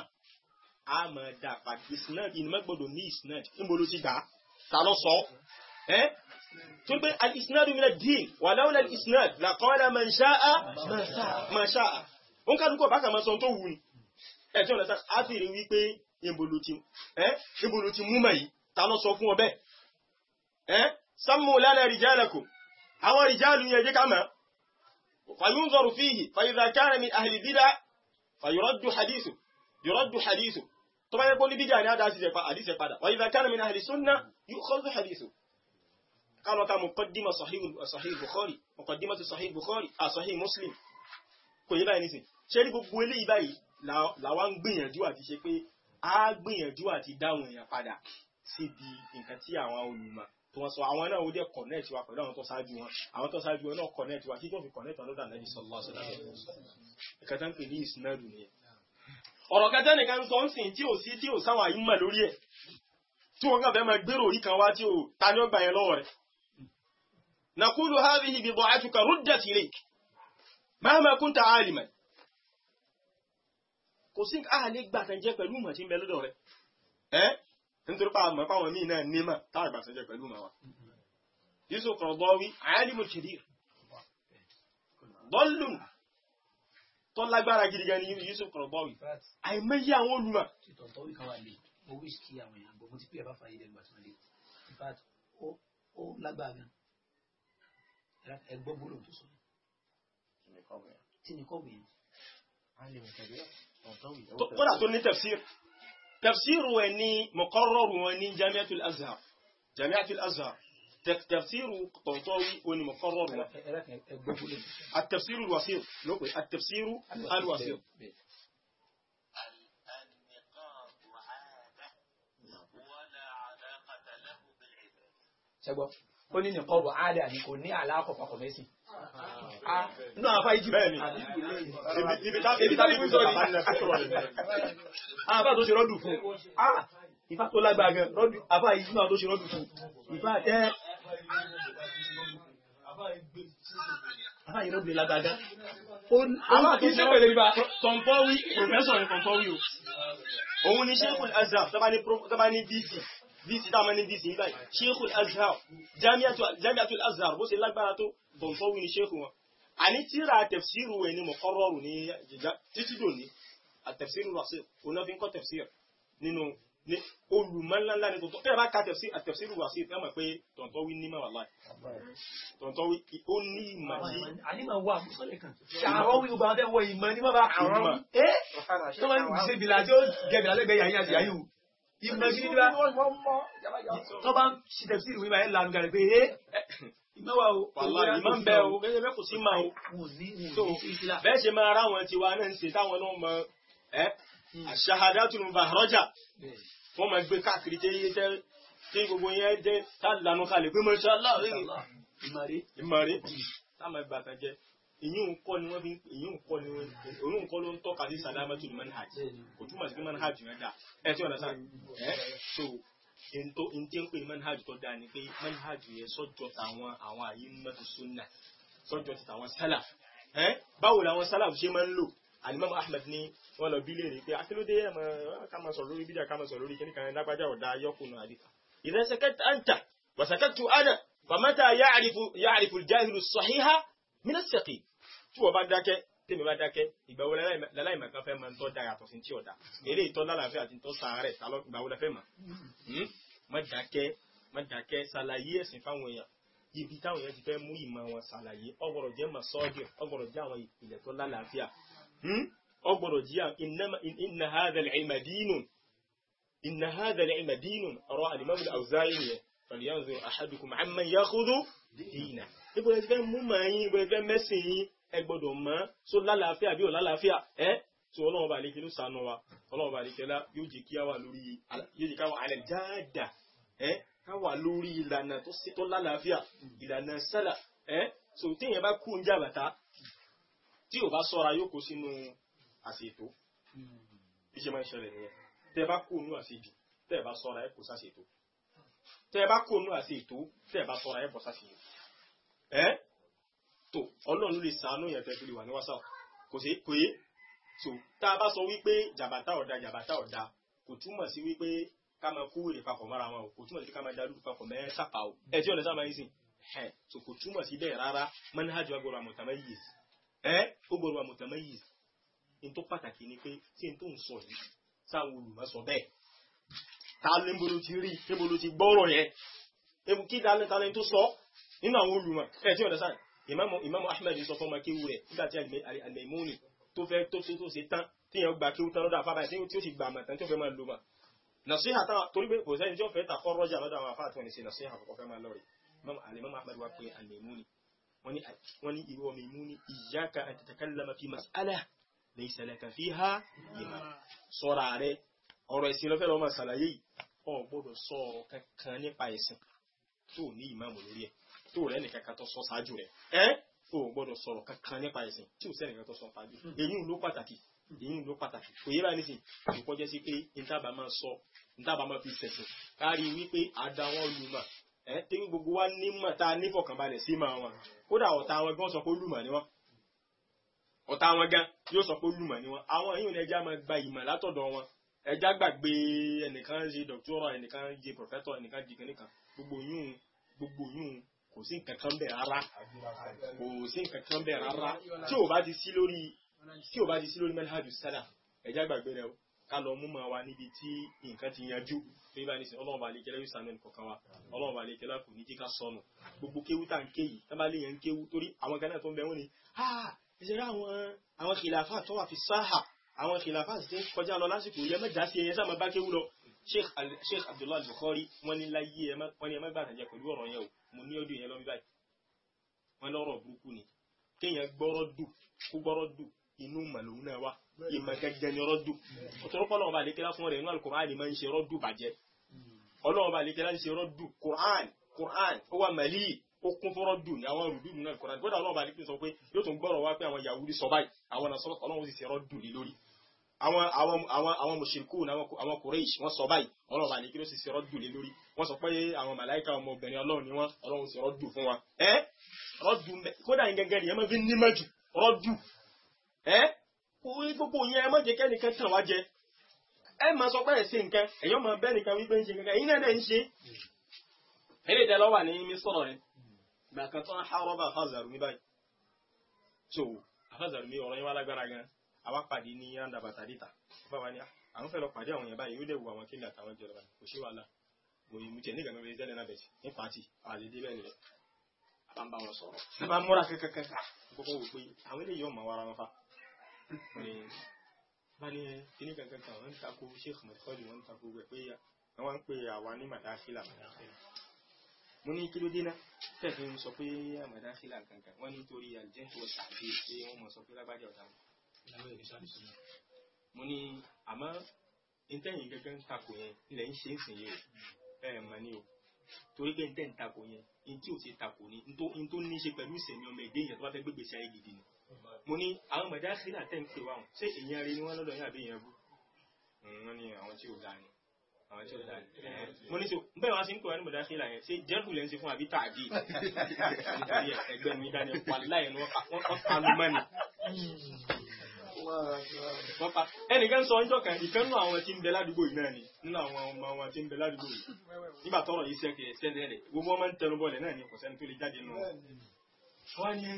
á mọ̀ dà pàtó isnad ìnumẹ́ gbọ́dọ̀ ní isnad níbo ló ti gbà á ta ló sọ ẹ́ tó pé al-isnad min ad-din wa lawla al-isnad la qala man sha'a man sha'a ó ń kálukọ̀ bákan mọ́ sọ tó wù ní ẹ̀jọ́ lọ́sà á fi rí wípé ìbòlù ti múmọ̀ yìí ta ló sọ fún ọ bẹ́ẹ̀ sammu lana rijalakum àwọn rijalu yẹn jẹ́ ká mọ̀ fayunzaru fihi fayidha kana min ahli bid'a fayuraddu hadithu yuraddu hadithu tó bá yẹ kó ní bídà ní àdá sí àdíṣẹ́ padà fayidha kana min ahli sunna yukhadhu hadithu kálọ̀ ká muqaddima sahih bukhari muqaddima sahih bukhari a sahih muslim kò yí báyìí nísìn ṣe ní á gbìyànjú àti dáwọn èèyàn padà síbi nǹkan tí àwọn olùmọ̀ tó wọ́n sọ àwọn náà ó connect wa pẹ̀lú àwọn tó ṣáájú wọn àwọn tó ṣáájú wọn náà connect wa kí tó fi connect wọn lọ́dọ̀ àlẹ́ ìṣọ̀lá ọ̀ṣọ̀lá ẹ̀ka tá ń pè ní ìsinádù nìyẹn ọ̀rọ̀ kẹta nìkan ń sọ ń sìn tí ò sí tí ò sáwọn lórí ẹ̀ tí wọ́n kàn fẹ́ máa gbèrò orí kan wá tí ò ta yẹn kò sí àlè gbàtànjẹ pẹ̀lú mọ̀ tí ń bẹ lọ́dọ̀ rẹ̀ ẹ́ nítorí pa àmọ́ páwọn míì náà ní mà tá àgbàtànjẹ pẹ̀lú mọ̀ wa. yusuf rọ̀bọ̀wí àyálìmọ̀ kìdìr bọ́ọ̀lùm tó lágbára gidi gan ni yusuf rọ̀bọ̀wí àìmọye àwọn olùmọ̀. títọ̀tọ̀ wí kan wà lè mo wí kí àwọn èèyàn gbọ́ mo ti pè é bá fàyè lẹ́nu àti màlẹ́ ìfàt ó lágbára gan ẹgbọ́ gbólóhùn tó sọ عالم تقول لي تفسير تفسير واني مقرر واني جامعة الأزهر جامعة الأزهر تفسير طنطاوي واني مقرر التفسير الوسيط التفسير الوسيط سبب كل نقاب عادة يعني ني علاقة فقميسي nínú àwọn afá ìjì bẹ́ẹ̀ ni ibi tábí fún sọ́ọ̀rì àbá ah, tó ṣe rọ́dù fún ah, ìfá tó lágbàá gan àbá ìjì náà tó ṣe rọ́dù fún ìfá tẹ́ àbá ìrọ́dù ní lágbàá gan. àwọn àti iṣẹ́ pẹ̀lú ibà kọ̀ǹpọ̀wí professor ní kọ̀ǹpọ̀wí o
òun ni sheikhul azhar
tọ́ba ní dc dc táwọn ní dc nígbà yìí sheikhul azhar jamiatul azhar bó ṣe lágbára tó kọ̀ǹpọ̀wí ni sheikh wọn. Ani àní tíra tẹ̀fsíìrù ẹ̀ ni mọ̀kọ́rọ́rù doni títí dòní àtẹ̀fsíìrù wàṣẹ onáfíńkọ́ tẹ̀fsíìr nínú olùmọ̀lánlá ni tọ̀tọ̀ tẹ́lẹ̀ bá ka tẹ̀fsíìr àtẹ̀fsíìrù wàṣẹ tẹ́lẹ̀ mọ̀ pé tọ̀ntọ́ wí nímọ̀ wà láì tọ̀ntọ́ wí ó ní ìmọ̀ yìí. àní máa wà sọ́lẹ̀ kan ṣàrọ̀ wí gbogbo àwọn ẹ̀wọ̀ ìmọ̀ ni bàbá àrọ̀ wí. ẹ tó máa ń ṣe bìlà tí ó gẹ̀ bìlà lẹ́gbẹ̀ẹ́ yàyí àti yàyí o ìmọ̀ sí ní bá tó bá ṣe tẹ̀fsíìrù wí máa ń lanu gàdé pé eh, mẹ́wàá o ìmọ̀ ń bẹ o gẹ́gẹ́ bẹ́ẹ̀ kò sí ma o so bẹ́ẹ̀ ṣe máa rá àwọn tiwa náà ń ṣe táwọn náà mọ ẹ́ àṣàhádátùn hmm. bàrọ́jà wọ́n máa gbé káàkiri tẹ́ iye tẹ́ tí gbogbo yẹn jẹ́ tá lanu kalẹ̀ pé masha Allah ìmọ̀rẹ́ ìmọ̀rẹ́ tá máa gbà tán jẹ ìyún kọ́ ni wọ́n fi ìyún kọ́ ni wọ́n òun kọ́ ló ń tọ́ka sí sàlámàtù manhaj kò túmọ̀ sí manhaj yẹn dà ẹ̀ tí wọ́n dà sá ntó ntí ń pè manhaj tó dáa ni pé manhaj yẹn sọ́jọ́ tàwọn àwọn àyè mọ́tò sunna sọ́jọ́ ti tàwọn salaf ẹ́ báwo làwọn salaf ṣe máa ń lò alimami ahmed ní wọ́n lọ bí léèrè pé akílódé ah, ẹ̀ mọ̀ ah, ká máa sọ̀rọ̀ lórí bídà ká máa sọ̀rọ̀ lórí kíní kan lágbájá ọ̀dà ayọ́kùnà àdìkà ìrẹsẹ̀kẹ́tà ń tà wàsàkẹ́tù ánà fàmẹ́tà yáàrífù jáhìlù sọ̀híhá mínà sẹ̀kì tí wọ́n bá dákẹ́ tèmi bá dákẹ́ ìgbà wo láláì màkà fẹ́ máa ń tọ́ da yàtọ̀ sí tí ọ̀dà eré ìtọ́ lálàáfíà àti ìtọ́ sàárẹ̀ sálọ́ ìgbà wo la fẹ́ mà hmm. hmm? má dákẹ́ má dákẹ́ ṣàlàyé ẹ̀sìn fáwọn èèyàn ibi táwọn èèyàn ti fẹ́ mú ìmọ̀ wọn ṣàlàyé ọgbọ̀rọ̀ jẹ́ mà sọ́ọ̀dì ọgbọ̀rọ̀ jẹ́ àwọn ìpìlẹ̀ tó lálàáfíà ọgbọ̀rọ̀ hmm? jẹ́ inna hadha al-ilma dinun inna hadha al-ilma dinun ọ̀rọ̀ ahadukum amman yakhudhu dínà ibo mú màá yín ibo ẹ fẹ́ yín ẹ gbọ́dọ̀ mọ̀ so lálàáfíà bí ò lálàáfíà ẹ tí ọlọ́run bá lè kí ló sànù wa ọlọ́run bá lè kí yóò jẹ́ kí wà lórí yóò jẹ́ ká wà alẹ́ dáadáa ẹ ká wà lórí ìlànà tó ṣe lálàáfíà ìlànà sálà ẹ so téèyàn bá kú oúnjẹ àbàtà tí ò bá sọ́ra yóò kó sínú àṣètò bí ṣe máa ń ṣẹlẹ̀ nìyẹn tẹ́ bá kú ònú àṣejù tẹ́ bá sọ́ra ẹ kó sàṣètò tẹ́ bá kú ònú àṣètò tẹ́ bá sọ́ra ẹ bọ́ sàṣètò ẹ tó ọlọ́run lè sàánú yẹn tẹ́ fi lè wà ní whatsapp kò sí pé so tá a bá sọ wípé jàbàtà ọ̀dà jàbàtà ọ̀dà kò túmọ̀ sí wípé ká máa kú èrè papọ̀ mọ́ra wọn o kò túmọ̀ sí ká máa darú papọ̀ mẹ́rin sápá o ẹ tí ọ̀nà sábà yìí sìn ẹ so kò túmọ̀ sí bẹ́ẹ̀ rárá manhajù agbọ̀rọ̀ àmọ̀tàmọ́ yìí ẹ ó gbọ̀rọ̀ àmọ̀tàmọ́ yìí n tó pàtàkì ni pé tí n tó ń sọ yìí sáwọn olùmọ̀ sọ bẹ́ẹ̀ ta ló ń bolo ti rí níbo ti gbọ́rọ̀ yẹn kí ta ló ń tó sọ nínú àwọn olùmọ̀ ẹ tí ọ̀nà sábà ìmáàmù ahmed sọ fún ọmọ kéwù rẹ̀ nígbà tí àlẹ́múnì tó fẹ́ tó ṣe tó ṣe tán tíyàn gba kéwù tán lọ́dọ̀ àfáàbáyé tí ó sì gbà mọ̀ tán tí ó fẹ́ máa lò mà nàṣíhà táwọn torí pé kò sẹ́ni tí ó fẹ́ ta kọ́ rọ́jà lọ́dọ̀ àwọn àfáà tí wọ́n ní ṣe nàṣíhà kọ̀kọ́ fẹ́ máa lọ́rẹ̀ àlẹ́mọ́mù ahmed wá pé àlẹ́múnì wọ́n ní ìwọ mẹ́múnì iyyaka an tatakallama fi mas'ala laysa laka fiha ìmọ̀ sọ́ra rẹ̀ ọ̀rọ̀ ẹ̀sìn lọ́fẹ́ lọ́mọ ṣàlàyé yìí ọ̀ gbọ́dọ̀ sọ ọ̀rọ̀ kankan nípa ẹ̀sìn tó ní ìmáàmù lórí ẹ̀ tó rẹ nìkan kan tó sọ ṣáájú rẹ̀ ẹ́ o gbọdọ sọrọ kankan nípa tí ò sẹ́nìkan tó sọ ṣáájú hmm. ló pàtàkì èyí ló pàtàkì kò yẹ báyìí nísìnyí pé ntaba máa sọ ntaba máa fi kárí wípé àdáwọn olùmọ̀ ẹ gbogbo wa nímọ̀ tá a nífọ̀kànbalẹ̀ sí máa wọn kódà ọ̀tá wọn gan sọ pé olùmọ̀ ni wọn Ọta wọn gan yóò sọ pé ni wọn àwọn gba ìmọ̀ látọ̀dọ̀ wọn ẹja gbàgbé ẹnìkan ṣe ẹnìkan ṣe pọ̀fẹ́tọ̀ ẹnìkan gbogbo gbogbo kò sí nǹkan kan bẹ̀ rárá kò sí nǹkan kan bẹ̀ rárá tí ò bá ti sí lórí tí ò bá ti sí lórí manhaju salaf ẹ̀já gbàgbé rẹ̀ o ká lọ mú ma wa níbi tí nǹkan ti yanjú pé bá ní sin ọlọ́run balẹ̀ kẹlẹ́ yóò sàmẹ́nu kọ̀ọ̀kan wa ọlọ́run balẹ̀ kẹlẹ́ kò ní jíká sọnù gbogbo kéwú tá n ké yìí tá bá lè yẹn kéwú torí àwọn gánà tó ń bẹ wọn ni ah, ẹsẹ̀ rẹ àwọn àwọn kìláfà tó wà fi sáhà àwọn kìláfà ti ń kọjá lọ lásìkò yẹn mẹ́ta sí ẹyẹ sáà máa bá kéwú lọ Sheikh Abdullahi Bukhari wọ́n ní láyé ẹ má gbàtàjẹ pẹ̀lú ọ̀rọ̀ yẹn mo ní ọdún yẹn lọ bí báyìí wọ́n lọ́rọ̀ burúkú ni kéèyàn gbọ́rọ̀ dùn kó gbọ́rọ̀ dùn inú màlúù náà wá ìmọ̀ gẹ́gẹ́ ni rọ́dù ọ̀tọ̀rọ̀pọ̀ náà bá lékelá fún rẹ̀ inú alukur'an máa ń ṣe rọ́dù bàjẹ́ ọlọ́wọ́ bá lékelá ń ṣe rọ́dù kur'an kur'an ó wà màlí ó kún fún rọ́dù ní àwọn rùdù nínú alukur'an bọ́dà ọlọ́wọ́ bá lékelá sọ pé yóò tún gbọ́rọ̀ wá pé àwọn yahudi sọ báyìí àwọn ọlọ́wọ́ sì ṣe rọ́dù lé lórí àwọn àwọn àwọn àwọn mùsùlùkù ní àwọn Quraysh wọ́n sọ báyìí ọlọ́run àlekí ló sì ṣe rọ́dù lé lórí wọ́n sọ pé àwọn màláìka ọmọ obìnrin ọlọ́run ni wọ́n ọlọ́run sì rọ́dù fún wa ẹ́ rọ́dù kódà yín gẹ́gẹ́ nìyẹn máa fi ní mẹ́jù rọ́dù ẹ́ gbogbo yẹn ẹ má jẹ́ kẹ́nìkan tàn wá jẹ ẹ má sọ pé ẹ̀ ṣe nǹkan èèyàn máa bẹ́ nìkan wípé ń ṣe nǹkan ẹ̀yin náà ń ṣe so fázaru ní ọ̀rọ̀ yín àwa pàdé ní roundabout àdìta báwa ni ah, àwọn fẹ́ lọ pàdé àwọn yẹn báyìí yóò dẹ̀ wo àwọn kémi àtàwọn jọlọ báyìí kò sí wàhálà mo yìí mú tiẹ̀ nígbà mẹ́rin zẹ́lẹ̀ náà bẹ̀tì ní pàtì àlè dé bẹ́ẹ̀ nílẹ̀ àbá ń bá wọn sọ̀rọ̀ ní bá múra kẹ́kẹ́kẹ́ ah, kókó wò pé àwọn eléyìí ò mọ̀ wara wọn fa bani kini kankan kan wọn tako sheikh mọtọọlù wọn tako mo ní kí ló dé náà tẹ̀sí ń sọ pé madakhila kankan wọn nítorí aljẹ́ńtò ṣàbí pé wọ́n mọ̀ sọ pé lágbájá ọ̀tá mi ìlànà ìrìnsà lùsùnà mo ní àmọ́ ntẹ́yìn gẹ́gẹ́ ń takò yẹn ilẹ̀ ń ṣe é sìn yìí ẹ mọ̀ ni o torí pé ntẹ́yìn takò yẹn ntí ò ṣe takò ni ntó ní ṣe pẹ̀lú ìsẹ̀mí ọmọ ẹ̀dẹ́ yẹn tó bá fẹ́ gbégbé sí ayé gidi ni mo ní àwọn mọ̀dá sí náà tẹ̀ ń pè wá wọn ṣé èèyàn rẹ ni wọ́n lọ́dọ̀ yẹn àbí èèyàn bú wọ́n ní àwọn tí ò dáa ni àwọn tí ó dáa mo ní so bẹ́ẹ̀ wá sí ń pè wá ní bọ̀dá sílà yẹn ṣé jẹ́rù lẹ́ ń ṣe fún àbí tààdì ẹgbẹ́ mi dání ọ̀pá láyé ni wọ́n pa lùmọ́ni wọ́n pa ẹnìkan sọ ọjọ́ kan ìkan nínú àwọn tí ń bẹ ládùúgbò yìí náà ni nínú àwọn ọmọ wọn tí ń bẹ ládùúgbò yìí nígbà tọrọ yìí sẹ́kẹ̀ sẹ́ndẹ̀ rẹ̀ gbogbo ọmọ ń tẹnu bọ́ọ̀lẹ̀ náà ni kò sẹ́ni tó lè jáde nù. wọ́n ní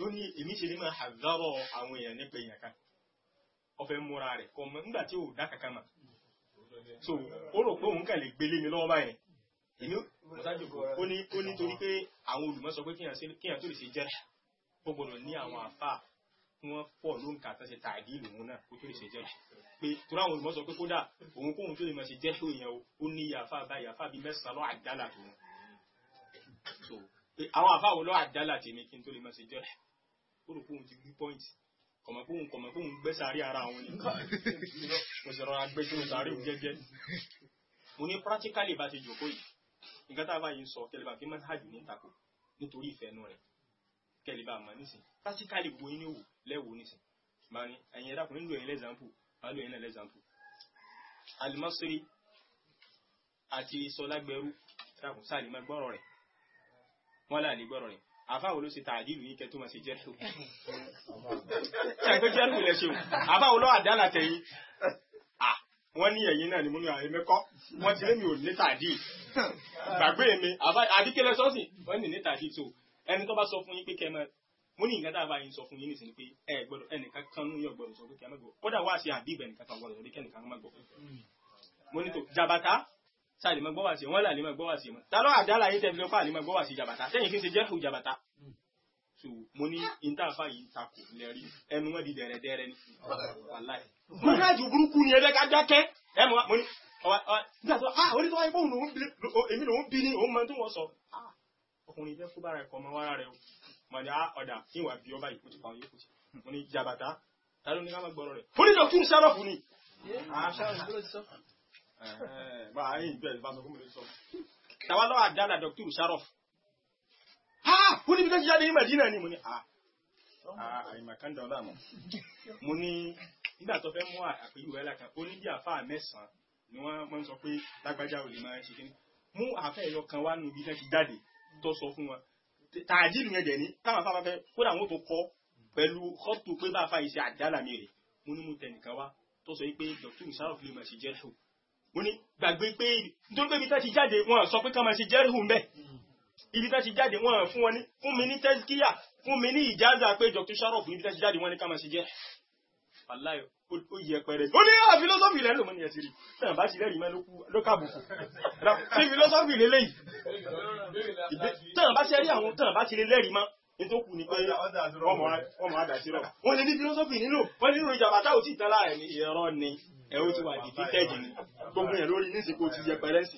ló ní èmi ṣe ní máa hàzárọ̀ àwọn èèyàn nípa èèyàn kan ọ̀fẹ́ múra rẹ̀ kọ́ nígbà tí ò dá kankan mà so ó rò pé òun kàn lè gbélé mi lọ́wọ́ báyìí èmi ó ní torí pé àwọn olùmọ̀ sọ pé kíyàn tó lè ṣe jẹ́rà ó ní àwọn àfáà kí wọ́n fọ̀ ló ń kà tán ṣe tààdí ìlú òun náà kó tó lè ṣe jẹ́ pé torí àwọn olùmọ̀ sọ pé kódà òun kóhun tó lè máa ṣe jẹ́ tó yẹn ó ní àfa báyìí àfa bíi mẹ́sàn-án lọ́ àdálà tòun pé àwọn àfa wo lọ́ àdálà tèmi kí n tó lè máa ṣe jẹ́ ó rò kóhun ti gbí pọ́ìntì kọ̀mọ̀kóhun kọ̀mọ̀kóhun gbẹ́ sáré ara àwọn ni mo sì rọra gbé sínú sáré òun jẹ́jẹ́ mo ní practically bá ti jòkó yìí nǹkan tá a bá yìí sọ kẹlẹ́bà kẹ́lì bá mọ̀ nísìn pásíkàlì wo yín ní òwò lẹ́wọ̀ nísìn máa ní ẹ̀yin ẹ̀dá kùnrin lò ẹ̀yin lẹ́zàmpù máa lò ẹ̀yin náà lẹ́zàmpù. Al-Masri àti Sọlágbẹrú dákun sáàlì máa gbọ́rọ̀ rẹ̀ wọ́n láàlì gbọ́rọ̀ rẹ̀ àfáwò ló ṣe tààdìlù yín kẹtó máa ṣe jẹ́rù ṣàgbé jẹ́rù lẹ o àfáwò lọ́wọ́ àdálà tẹ̀yìn wọ́n ní ẹ̀yìn náà ni mo ní àwọn ẹ̀mí kọ́ wọ́n ti lé mi ò ní tààdì gbàgbé mi àdíkẹ́lẹ́ sọ́ọ̀sì wọ́n ní ní tààdì tó ẹni tó bá sọ fún yín pé kẹmẹ mo ní nǹkan tá a bá yín sọ fún yín nísìnyí pé ẹ gbọ́dọ̀ ẹnìkan kan nú yọ gbọ́dọ̀ sọ pé kẹmẹ gbọ́ kódà wá sí àbí ìgbẹnìkan kan gbọ́dọ̀ rí kẹnìkan má gbọ́ mo ní tó jabata tá a lè má gbọ́ wá sí wọn là lè má gbọ́ wá sí mọ tá lọ àdá láyé tẹ fi lọ má gbọ́ wá sí jabata sẹ́yìn fi ṣe jẹ fún jabata so mo ní intafa yìí takò lẹ́rí ẹnu wọn di dẹ̀rẹ̀dẹ̀rẹ̀ ni wàláì mo ní àjò burúkú ni ẹ̀dẹ́ká dákẹ́ ẹ̀ mo ní ọ̀wá ọ̀wá nígbà ah onítọ́wá yìí bóun lòún bí ni òun máa tó ọkùnrin fẹ́ kó bára ẹ̀kọ́ ọmọ wára rẹ̀ o mà ní ah, ọ̀dà ìwà bí ọba yìí kò ti pa òye kò ti mo ní jàbàtà ta ló ní ká má gbọ́rọ̀ rẹ̀ ó ní dọ̀tún sárọ̀fù ah, fún mi tàwa lọ́wọ́ àdáná dọ̀tún sárọ̀fù. ha ó ní bí tó ti jáde ní Mẹ̀dínà ni mo ní a ah, àìmọ̀kan dọ̀ láàmú. mo ní nígbà tó fẹ́ mú àpèjú rẹ̀ lákan ó ní bí àfáà mẹ́sàn-án ni wọ́n sọ pé lágbájá ò lè máa ṣe kíní mú àfẹ́ ẹ̀yọ kan wá nù bí fẹ́ ti jáde tó sọ fún wa tààjìlù yẹn dẹ̀ ní táwọn afáfá fẹ́ kódà wọn tó kọ́ pẹ̀lú kọ́tù pé bá a fa ìṣe àdálà mi rè mo ní mo tẹnìkan wá tó sọ pé dr musarraf lè máa ṣe jẹ́rìhù mo ní gbàgbé pé nítorí pé ibi tá ti jáde wọn sọ pé ká máa ṣe jẹ́rìhù mbẹ́ ibi tá ti jáde wọn fún wọn ní fún mi ní tẹ́síkíyà fún mi ní ìjáza pé dr musarraf níbi tá ti jáde wọn ní ká máa ṣe jẹ́rìhù ó yẹ pẹrẹ ó ní àwọn ah, philosophy lẹ́nu mọ́ ní ẹ̀sìn rí náà bá ti lẹ́rìí mẹ́lú ló kàbùkù sí philosophy lélẹ́yìí tán bá ti rí àwọn tán bá ti lè lẹ́rìí mọ́ ní tó kù ní pé ọmọ àdàsí rọ wọ́n lè ní philosophy nílò wọ́n nílò ìjàmbá táwọn tí ìtara ẹ̀ ní ẹ̀rọ ni ẹ̀ ó ti wà defeated ni gbogbo yẹn lórí ní ìsìnkú ti yẹ pẹrẹ sí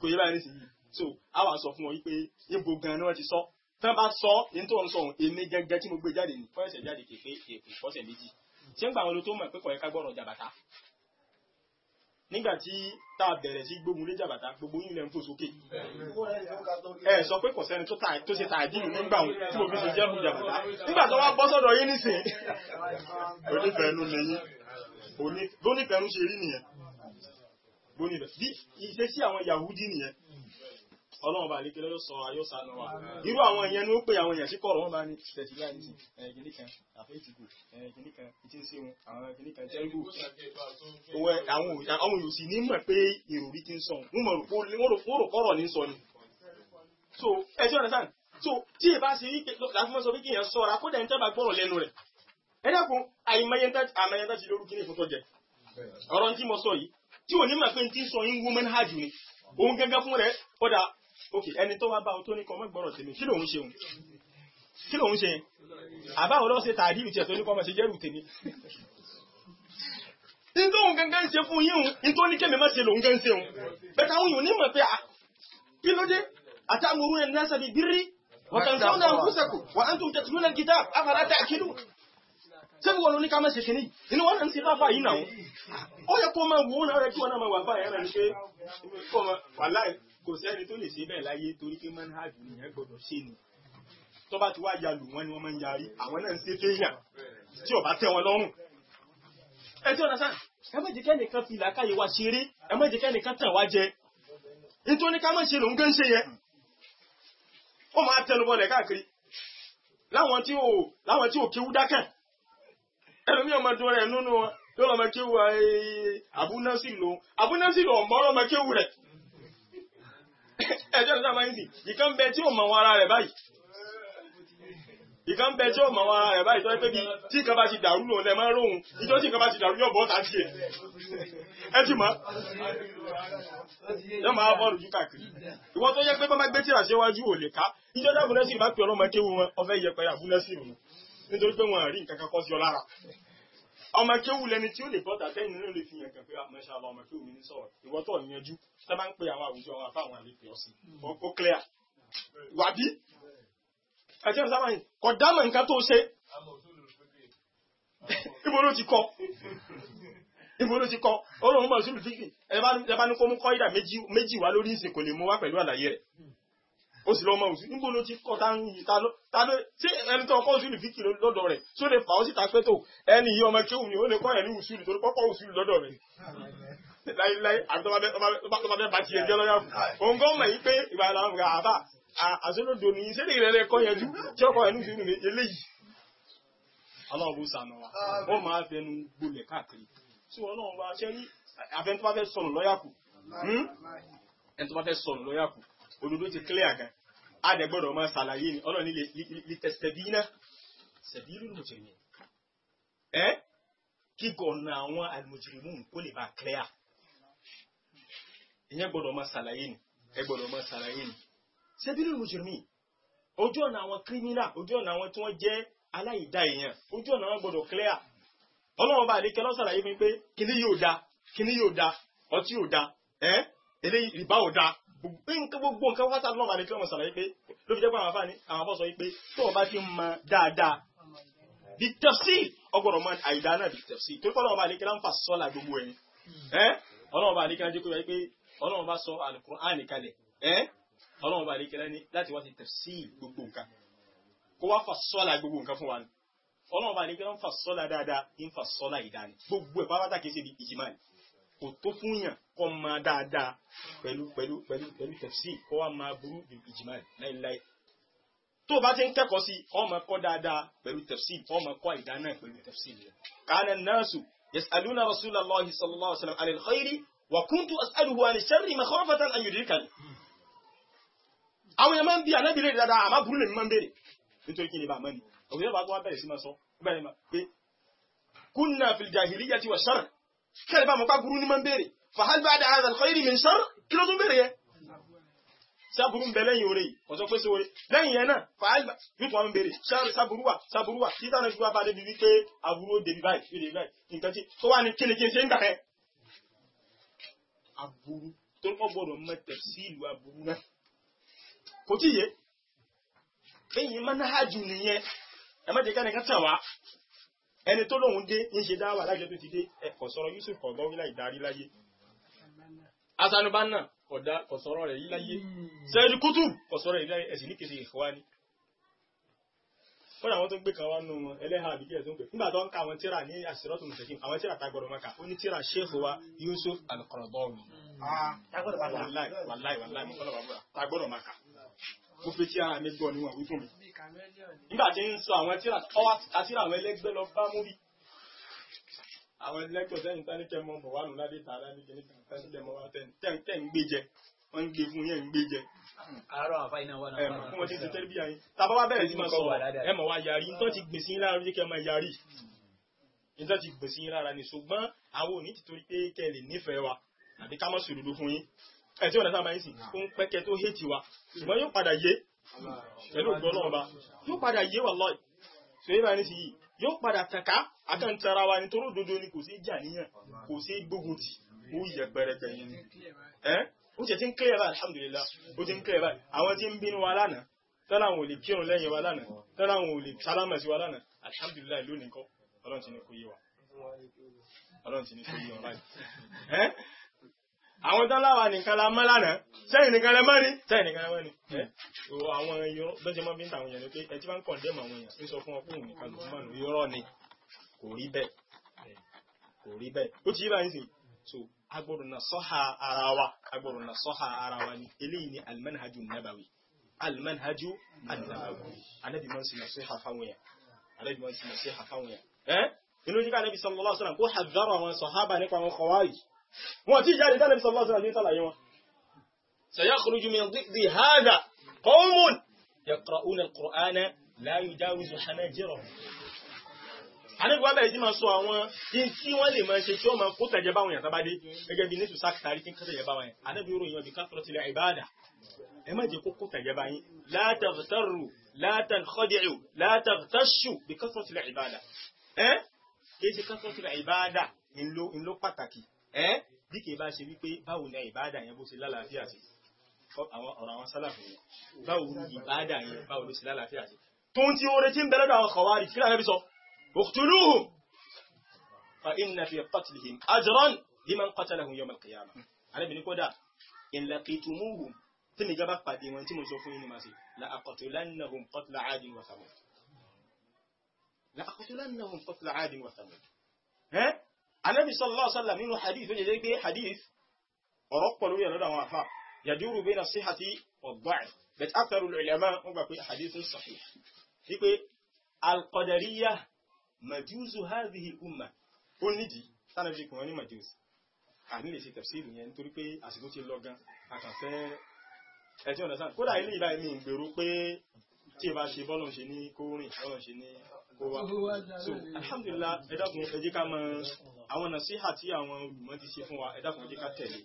kò yẹ báyìí nísìnyí so a wà sọ fún ọ wípé ibo gan ni wọ́n ti sọ tán bá sọ ní tó ń sọ èmi gẹ́gẹ́ tí mo gbé jáde ní fọ́ẹ̀sẹ̀ jáde kéfé èkó fọ́sẹ̀ méjì ṣé ń gbà wọn ló tó mọ̀ pé kò yẹ ká gbọ́rọ̀ jàbàtà nígbà tí tá a bẹ̀rẹ̀ sí gbógun lé jàbàtà gbogbo yín lẹ́ ń fò sókè ẹ sọ pé kò sẹ́ni tó ṣe tààdì nígbà wọn tí mo fi ṣe jẹ́rù jàbàtà nígbà tó wá bọ́ sọ́dọ̀ yín nísìn onífẹ̀ẹ́nu lẹ́yìn bónífẹ̀ẹ́nu ṣe rí nìyẹn bí ìṣesí àwọn Yahudi nìyẹn ọlọ́run bá lékelé ló sọ ayọ́ sànù wa irú àwọn èèyàn ló pé àwọn èèyàn sí kọ̀ọ̀rọ̀ wọn bá ní tẹ̀sí láì sí ẹ̀ẹ́dì kan àfẹ́tìkù ẹ̀ẹ́dì kan ìtí ń sẹ́wọ̀n àwọn ẹ̀ẹ́dì kan jẹ́rìbù àwọn òyò sì ní mọ̀ pé ìròrí ti ń sọ wọ́n rò kọ́rọ̀ ní sọ ni so ẹ ṣe ọ̀nà sáà so tí ì bá ṣe wípé láfimọ́ sọ pé kí èèyàn sọra kó dẹ̀ ń tẹ́ba gbọ́rọ̀ lẹ́nu rẹ̀ ẹ dákun àìmọyẹntà ti lórúkí ní ìfọ́tọ́ jẹ ọ̀rọ̀ tí mo sọ yìí tí ò ní mọ̀ pé ti ń sọ woman hajj ni òun gẹ́gẹ́ fún rẹ̀ ọ̀dà ok ẹni tó wá bá o tó ní kọmọ gbọ́rọ̀ tèmi kí lòun ṣe òun kí lòun ṣe àbá òun lọ́sẹ̀ tààdí ìtìẹ̀ tó ní kọmọ ṣe jẹ́rù tèmi ní tó òun gangan ṣe fún yíhun ní tó ní kémi má ṣe lòun gan ṣe òun bẹ́ta òun yìí ní mọ̀ pé à ah, kí ló dé àtàmùrún ẹ̀ náà sàbí bírí wàtàǹsáwọ̀n àǹkúsẹ̀kù wà á ń tún tẹ̀tùmílẹ̀ gítà afárá tẹ̀ àkílù sẹ́bí wọn ní ká máa ṣe kìíní inú wọn náà ń ṣe lábà yìí náà ó yẹ kó máa wò ó náà rẹ kí wọn náà máa wà báyìí kò sẹ́ni tó lè ṣe bẹ́ẹ̀ láyé torí pé manhaj nìyẹn gbọ́dọ̀ ṣe ni tó bá ti wá yalù wọn ni wọ́n máa ń yarí àwọn náà ń ṣe fẹ́yàn tí ò bá tẹ́ wọn lọ́rùn ẹ tí ọ̀nà sáà ẹ má jẹ́ kẹ́nìkan fi làákàyè wa ṣeré ẹ má jẹ́ kẹ́nìkan tàn wá jẹ nítorí ká má ṣe lòun gán ṣe yẹn ó máa tẹnubọlẹ̀ káàkiri láwọn tí ò láwọn tí ò kéwú dákẹ́ ẹlòmíì ọmọ dùn rẹ̀ nínú wọn yóò lọ́mọ kéwú abúnásì rẹ̀ anything ìkan bẹ tí ò mọ̀ wọn ara rẹ̀ báyìí ìkan bẹ tí ò mọ̀ wọn ara rẹ̀ báyìí tó yẹ pé bí tí ìkan bá ti dàrú lòun lẹ máa ń róhun ìjọ tí ìkan bá ti dàrú yóò bọ́ ta tiẹ̀ ẹ ti mọ̀ yóò máa bọ́ọ̀lù jù káàkiri ìwọ tó yẹ pé bá má gbé tíra síwájú ò lè ká ìjọ dábùnẹ́sì bá pè ọlọ́mọ kéwu wọn ọfẹ́ yẹpẹrẹ àbúnẹ́sì wọn nítorí pé wọn àrí nǹkan kan kọ́ sí ọ lára ọmọ kéwu lẹni tí ó lè bọ́ta tẹ́yìn nínú lè fi yàn kàn pé àmọ́ ṣáà lọ ọmọ kéwu mi ní sọ̀rọ̀ ìwọ́tọ̀ ìyanjú tó máa ń pe àwọn àwùjọ wa fáwọn àlepè ọ̀sìn ó clear wàbí ẹtí ọ̀sán máa ń kọ dámọ̀ nǹkan tó ṣe ibo ló ti kọ ibo ló ti kọ olóhùn mọ̀ sílùú fífi ẹ bá ní kó mú kọ́ ìdá méjì wá lórí ìsìn kò lè mú wá pẹ̀lú àlàyé rẹ̀ ó sì lọ mọ òsì níbo ló ti kọ táwọn yìí ta ló ta ló ṣé ẹni tó kọ òsùlù fíkì lọ́dọ̀ rẹ̀ só fà ó sì ta pé ẹni yìí ọmọ kéwù ni ó lè kọ́ ẹ̀ ní torí pọ́pọ́ òsùlù lọ́dọ̀ rẹ̀ láíláí àtọ́bàbẹ́ bá ti ẹjọ́ lọ́yà fún òun gọ́ọ̀mọ̀ yìí pé ìgbà ìlànà ìgbà àbá àṣọ́lódò ní ìṣẹ́lẹ̀ ìrẹ́lẹ̀ kọ́ yẹjú tí ọkọ̀ ẹnu sí ní eléyìí aláwọ̀ sànà wa wọ́n máa fẹnu gbolẹ̀ káàkiri tí wọ́n náà wá ṣẹ́ rí àfẹn tó bá fẹ́ sọnù lọ́yà kù hmm? ẹn tó bá fẹ́ sọnù lọ́yà kù òdodo ti kílẹ̀ àgàn àdẹ̀gbọ́dọ̀ máa ṣàlàyé ni ọlọ́ni lè tẹ̀sẹ̀bínà sẹ̀bílù mùjìrìmù ẹ́ kíkọ̀ ọ̀nà àwọn àlùmùjìrìmù kó lè bá kílẹ̀ à ìyẹn gbọ́dọ̀ máa ṣàlàyé ni ẹ gbọ́dọ̀ máa ṣàlàyé ni sẹ́bílì mùsùlùmí ojú ọ̀nà àwọn kírímínà ojú ọ̀nà àwọn tí wọ́n jẹ́ aláìdá èèyàn ojú ọ̀nà wọn gbọ́dọ̀ clear ọlọ́run bá àdékẹ́ lọ́sàlàyé mi pé kíní yóò da kíní yóò da ọtí yóò da ẹ́ eléyìí rìbá ò da gbogbo nǹkan wáta lọ́run bá àdékẹ́ lọ́sàlàyé pé ló fi jẹ́ pé àwọn afáàní àwọn afọ́ sọ pé tó o bá ti ọlọ́run bá sọ alukur'ani kalẹ̀ ẹ́ ọlọ́run bá lékelá ní láti wá ti tafsir gbogbo nǹkan kó wá fàṣọ́là gbogbo nǹkan fún wa ni ọlọ́run bá lékelá ń fàṣọ́là dáadáa ń fàṣọ́là ìdáni gbogbo ẹ̀ pátá kìí ṣe bí ìjìmá ni kò tó fún yàn kọ́ máa dáadáa pẹ̀lú pẹ̀lú pẹ̀lú pẹ̀lú tafsir kó wá máa burú bí ìjìmá ni láíláí tó bá ti ń kẹ́kọ̀ọ́ sí ọmọ kọ́ dáadáa pẹ̀lú tafsir ọmọ kọ́ ìdáná pẹ̀lú tafsir kana nasu yasaluna rasulallah sallallahu alaihi wa sallam alil وكنت أسأله عن الشر مخافة أن يدركني àwọn ẹ̀mọ́ ń bí ànábì léèrè dáadáa àmá burú lè mímọ́ ń béèrè nítorí kí ni bá mọ́ni ọ̀gbìn yóò bá tó wá bẹ̀rẹ̀ sí máa sọ bẹ́ẹ̀ ma pé kunna fil jahiliyyati wa sharr kẹ́lẹ̀ bá mọ́ bá burú ní mọ́ ń fa hal ba'da hadha al-khayri min sharr kí ló tún béèrè yẹ. sábúrú ń bẹ lẹ́yìn oore yìí ọ̀sọ́ pé sóore lẹ́yìn yẹn náà fa hal bá yóò tún wá ń béèrè sábúrú wà sábúrú wà títà náà fi wá bá débi wípé àbúrò débi báyìí aburú tó kọ́ gbọ́dọ̀ mọ tẹ̀síìlù aburú náà kò tí yé lẹ́yìn manahajù nìyẹn ẹ má jẹ́ ká nìkan tàn wá ẹni tó lóun dé ń ṣe dáwà lájọ tó ti dé ẹkọ sọ̀rọ̀ Yusuf ọgbọn wíláì darí láyé asanubanna kọdá kọsọrọ rẹ̀ yí láyé hmm. Sayyid kọsọrọ rẹ̀ yí láyé ẹsìn ní kèsè ìfọwá kódà àwọn tó gbé kan wá nù wọn ẹlẹ́hà àbíkẹ́ tó ń pè nígbà tó ń ka àwọn tíra ní àṣírọ́tò mùsàkìm àwọn tíra tá gbọdọ̀ maka ó ní tíra sheikh wa Yusuf al-Qaradawi. wàláì wàláì wàláì mo fọlọ́ bàbá tá gbọdọ̀ maka mo fi tí ara mi gbọ́ ni wọn wí fún mi. nígbà tí ń sọ àwọn tíra ọwọ́ àtìrà àwọn ẹlẹ́gbẹ́ lọ bá mú rí. àwọn ẹlẹ́gbẹ́ tẹ́ni tẹ́ni kẹ́ mọ́ bọ̀ nù ládé tààrà ní kẹ́ni tẹ́ni kẹ́ mọ́ wá wọ́n ń gé fún yẹn ń gbé jẹ. àárọ̀ àfáì náà wà náà. ẹ̀mọ̀ fún wọn ti ṣe tẹ́lifí yẹn tàbá wá bẹ̀rẹ̀ sí máa sọ̀rọ̀ ẹ̀mọ̀ wa yàrí nǹkan ti gbèsè yín lára oníkẹ́ máa yàrí nǹkan ti gbèsè yín lára ni ṣùgbọ́n àwọn òní ti torí pé kẹ́ lè nífẹ̀ẹ́ wa àbí ká mọ̀ sòdodo fún yín ẹ̀ tí ọ̀nà sábà yín sìn ó ń pẹ́kẹ́ tó hétì wa ṣùgbọ́n yóò padà yé pẹ̀lú ògbọ́n náà ba yóò yóò padà tànká àkàntara wa nítorí òdodo ni kò sí jà níyàn kò sí gbógun tì ó yẹ pẹrẹpẹ yìí ni ó ti ti ń clear báyìí alhamdulillah ó ti ń clear báyìí àwọn tí ń bínú wa lánàá tọ́lá àwọn ò lè kírun lẹ́yìn wa lánàá tọ́lá àwọn ò sálámà sí wa lánàá alhamdulillah lónìí kọ́ ọlọ́run ti ní kó yé wa ọlọ́run ti ní kó yé wa báyìí àwọn tán láwà nìkan la mọ́ lánàá sẹ́yìn nìkan lẹ mọ́ ni sẹ́yìn nìkan lẹ mọ́ ni àwọn yọ bẹ́sẹ̀ máa bí ń ta àwọn èèyàn pé ẹ ti máa ń kàn dẹ́mọ̀ agboro na sọ́ha ara wa agbọ́dọ̀ na sọ́ha ara ni eléyìí ni almanhaju nabawi almanhaju nabawi anabi man si nasiha fáwọn yẹn anabi man si nasiha fáwọn yẹn ẹ́ inú jíká anabi sallallahu alaihi wasallam kó wa sahaba ni nípa wọn kọwàáyì mo tí jari jáde tánàbí sallallahu alaihi wasallam ní tàlàyé wọn sayakhruju min dhiqdi hadha qawmun yaqra'una alqur'ana la yujawizu hanajirahum àdébí wàá bẹ̀rẹ̀ sí máa sọ àwọn tí wọ́n lè máa ṣe tí wọ́n máa kó tẹ̀jẹ báwọn yàtọ̀ bá dé gẹ́gẹ́ bí nítorí sáà tàrí kí n kọ́tẹ̀jẹ báwọn yẹn àdébí orò yẹn bí ká tọrọ tilẹ̀ ìbáàdà ẹ má jẹ́ kó kó tẹ̀jẹ báyìí látàfẹ́tàrù látàkọ́dẹ̀ẹ́ù látàfẹ́tàṣù bí ká tọrọ tilẹ̀ ìbáàdà ẹ kì í ṣe ká tọrọ tilẹ̀ ìbáàdà ńlọ pàtàkì ẹ bí kì í bá ṣe wípé báwo ni ìbáàdà yẹn bó ṣe lálàáfíà sí báwo ni ìbáàdà yẹn báwo ló ṣe lálàáfíà sí tó ń ti oore tí ń bẹ lọ́dọ̀ àwọn kọ̀wárì kí اقتلوهم فإن في قتلهم أجرا لمن قتلهم يوم القيامة أنا بني كودا إن لقيتموهم تني جبا قادي وانت مشوفين ما لا أقتلنهم قتل عاد وثمود لا أقتلنهم قتل عاد وثمود ها النبي صلى الله عليه وسلم من حديث يجي حديث ورقلوا يا لدى وعفا يدور بين الصحة والضعف بتأثر العلماء في حديث صحيح يقول القدرية majuzu hadhihi umma ó nídìí tánàbí ṣe pè wọ́n ní majuzu àní lè ṣe tafsir yẹn nítorí pé àsìkò ti lọ gan àkànfẹ́ ẹtí ọ̀nà sáà kódà ilé ìbáyìí mi ń gbèrú pé tí ẹ bá ṣe bọ́lọ̀ ṣe ní kó rìn bọ́lọ̀ ṣe ní kó wá so alhamdulillah ẹ dákun ẹ jẹ́ ká mọ àwọn nàṣíhà tí àwọn olùmọ̀ ti ṣe fún wa ẹ dákun ẹ jẹ́ ká tẹ̀lé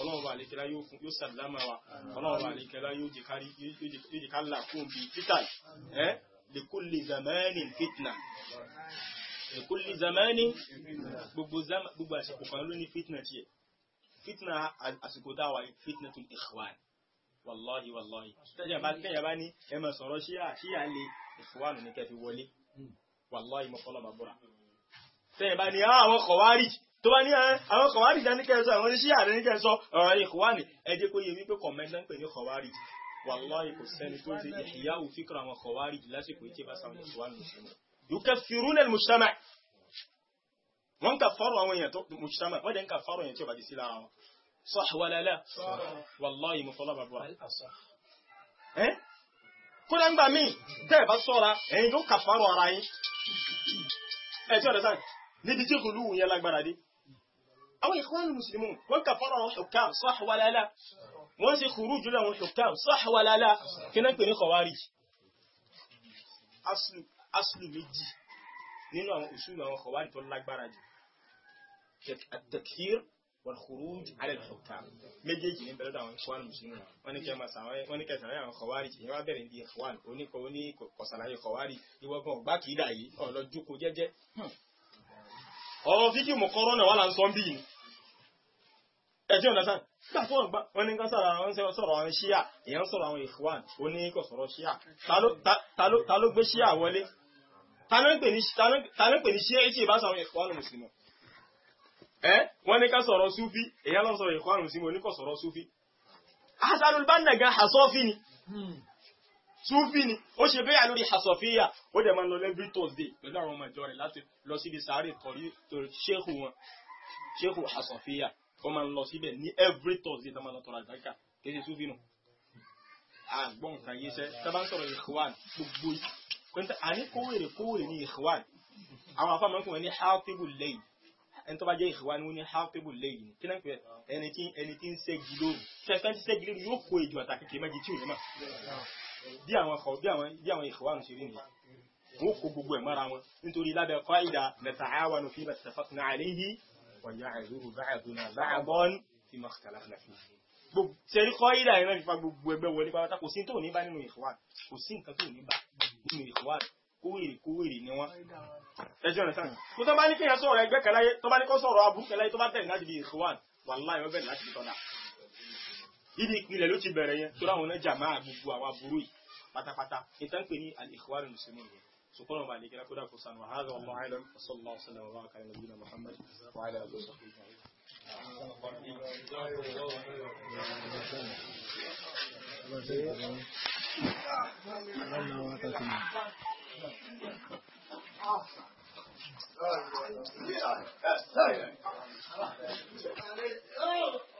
ọlọ́run wa àlekẹ́lá yóò fún yóò sàdámà wa ọlọ́run wa àlekẹ́lá yóò jẹ́ ká là fún bíi títà ẹ́ lèkúlè zamani fitna lèkúlè zamani gbogbo àsìkò kan ló ní fitna tiẹ̀ fitna àsìkò dáwà fitna tún ikhwan wàláhi wàláhi tẹ́yà bá ní ẹ máa sọ̀rọ̀ ṣíyà ṣíyà lè ikhwan ní kẹfì wọlé wàláhi mọ́kànlá bàbúrà tẹ́yà bá ní ah, àwọn kọ̀wárì tó bá ní ah, àwọn kọ̀wárì dání kẹsọ àwọn oníṣíyà dání kẹsọ ọ̀rọ̀ ikhwan ẹ jẹ́ kó yẹ wípé kọ̀mẹ́ńdán pè ní kọ̀wárì wàláhì kò sẹ́ni tó ṣe ìyá òfìkra àwọn khawarij lásìkò ìtí bá sáwọn ìṣòwò àlùmùsùlùmí yukaffiruna al-mujtama wọ́n kà fọ́rọ̀ àwọn èèyàn tó mujtama wọ́n dẹ̀ ń kà fọ́rọ̀ èèyàn tí ó bá di sí lára wọn sah wala la wàláhì mo fọlọ́ bàbá kódà ń gbà mí tẹ́ ẹ̀ bá sọ́ra ẹ̀yin tó kà fọ́rọ̀ ara yín ẹ̀ tí ọ̀dọ̀ sáà níbi tí kùlù yẹn lágbára dé àwọn ikhwanul muslimun wọ́n kà fọ́rọ̀ àwọn hukam wọ́n ṣe khuruju láwọn hukam sah wala la pè ní khawarij aslu méjì nínú àwọn usul àwọn khawarij tó lágbára jù at-takfir wal khuruj ala al-hukam méjèèjì ní bẹ̀rẹ̀ àwọn ikhwan muslimin wọ́n ní kẹ́ máa sàwáyé wọ́n ní kẹ́ sàwáyé àwọn khawarij ìyẹn wá bẹ̀rẹ̀ ní ikhwan oníkọ̀ oní kọ̀sàlàyé khawarij ẹ̀jẹ̀ ọ̀dásán gbàtọ́ ọ̀gbà wọn ní kására wọn ṣe sọ̀rọ̀ àwọn ṣíà èèyàn sọ̀rọ̀ àwọn ìfúwàn ó ní kò sọ̀rọ̀ ṣíà ta ló gbé ṣíà wọlé ta ló ń pè ní ṣíà èyí ìbá sọ̀rọ̀ ìfúwàn mùsùlùmí ẹ wọn ní ká sọ̀rọ̀ súfí èèyàn lọ sọ̀rọ̀ ìfúwàn mùsùlùmí ó ní kò sọ̀rọ̀ súfí Hasanul Banna gan hasọ́fí ni hmm. súfí ni ó ṣe bẹ́yà lórí hasọ́fíyà ó dẹ̀ máa ń lọ every Thursday pẹ̀lú àwọn ọmọ ìjọ rẹ̀ láti lọ síbi sáré tọ̀rí ṣéhù wọn ṣéhù hasọ́fíyà wọ́n máa ń lọ síbẹ̀ ní every thursday tó máa lọ tọrọ àgbàkà kéde sufi nù. àgbọ̀n kan yé sẹ́ tábà ń sọ̀rọ̀ ikhwan gbogbo kọ́ńtà àní kówèrè kówèrè ní ikhwan àwọn afáàmọ́ kò wọ́n ní hafibul lẹ́yìn ẹni tó bá jẹ́ ikhwan ni wọ́n ní hafibul lẹ́yìn kí náà pẹ́ ẹni tí ẹni tí ń ṣẹ́gi lóru fẹ́fẹ́ ń ṣẹ́gi lóru yóò kó ejò àtàkì kì í má tí ò ní mà bí àwọn ọkọ̀ bí àwọn bí àwọn ikhwan ṣe rí nìyẹn wọ́n kó gbogbo ẹ̀ mọ́ra wọn nítorí lábẹ́ kọ́ ìdá mẹ́tàáwá nù fi wàyà àìrúrù báàdùnà báàbọ́n fi máa kàlà fún àfihàn. gbogbo sẹ́rí kọ́ ìdá yẹn náà nípa gbogbo ẹgbẹ́ wọlé pátá kò sí tó ní bá nínú Ikhwan kò sí nǹkan tó ní bá nínú Ikhwan kówèrè kówèrè ni wọn. ẹjọ́ ọ̀nà sáà kó tó bá ní kéèyàn sọ̀rọ̀ ẹgbẹ́ kẹláyé tó bá ní kó sọ̀rọ̀ aburú kẹláyé tó bá bẹ̀rẹ̀ láti bí Ikhwan wàláhì wọ́n bẹ̀rẹ̀ láti tọ́lá. ìdí ìpìlẹ̀ ló ti bẹ̀rẹ̀ yẹn tó láwọn náà jàmáà gbogbo àwọn aburú yìí pátápátá ìtàn pè ní al-Ikhwan سبحانه وتعالى كلا كلا فرسان وهذا والله أعلم وصلى الله وسلم وبارك على نبينا محمد وعلى آله وصحبه أجمعين Thank you.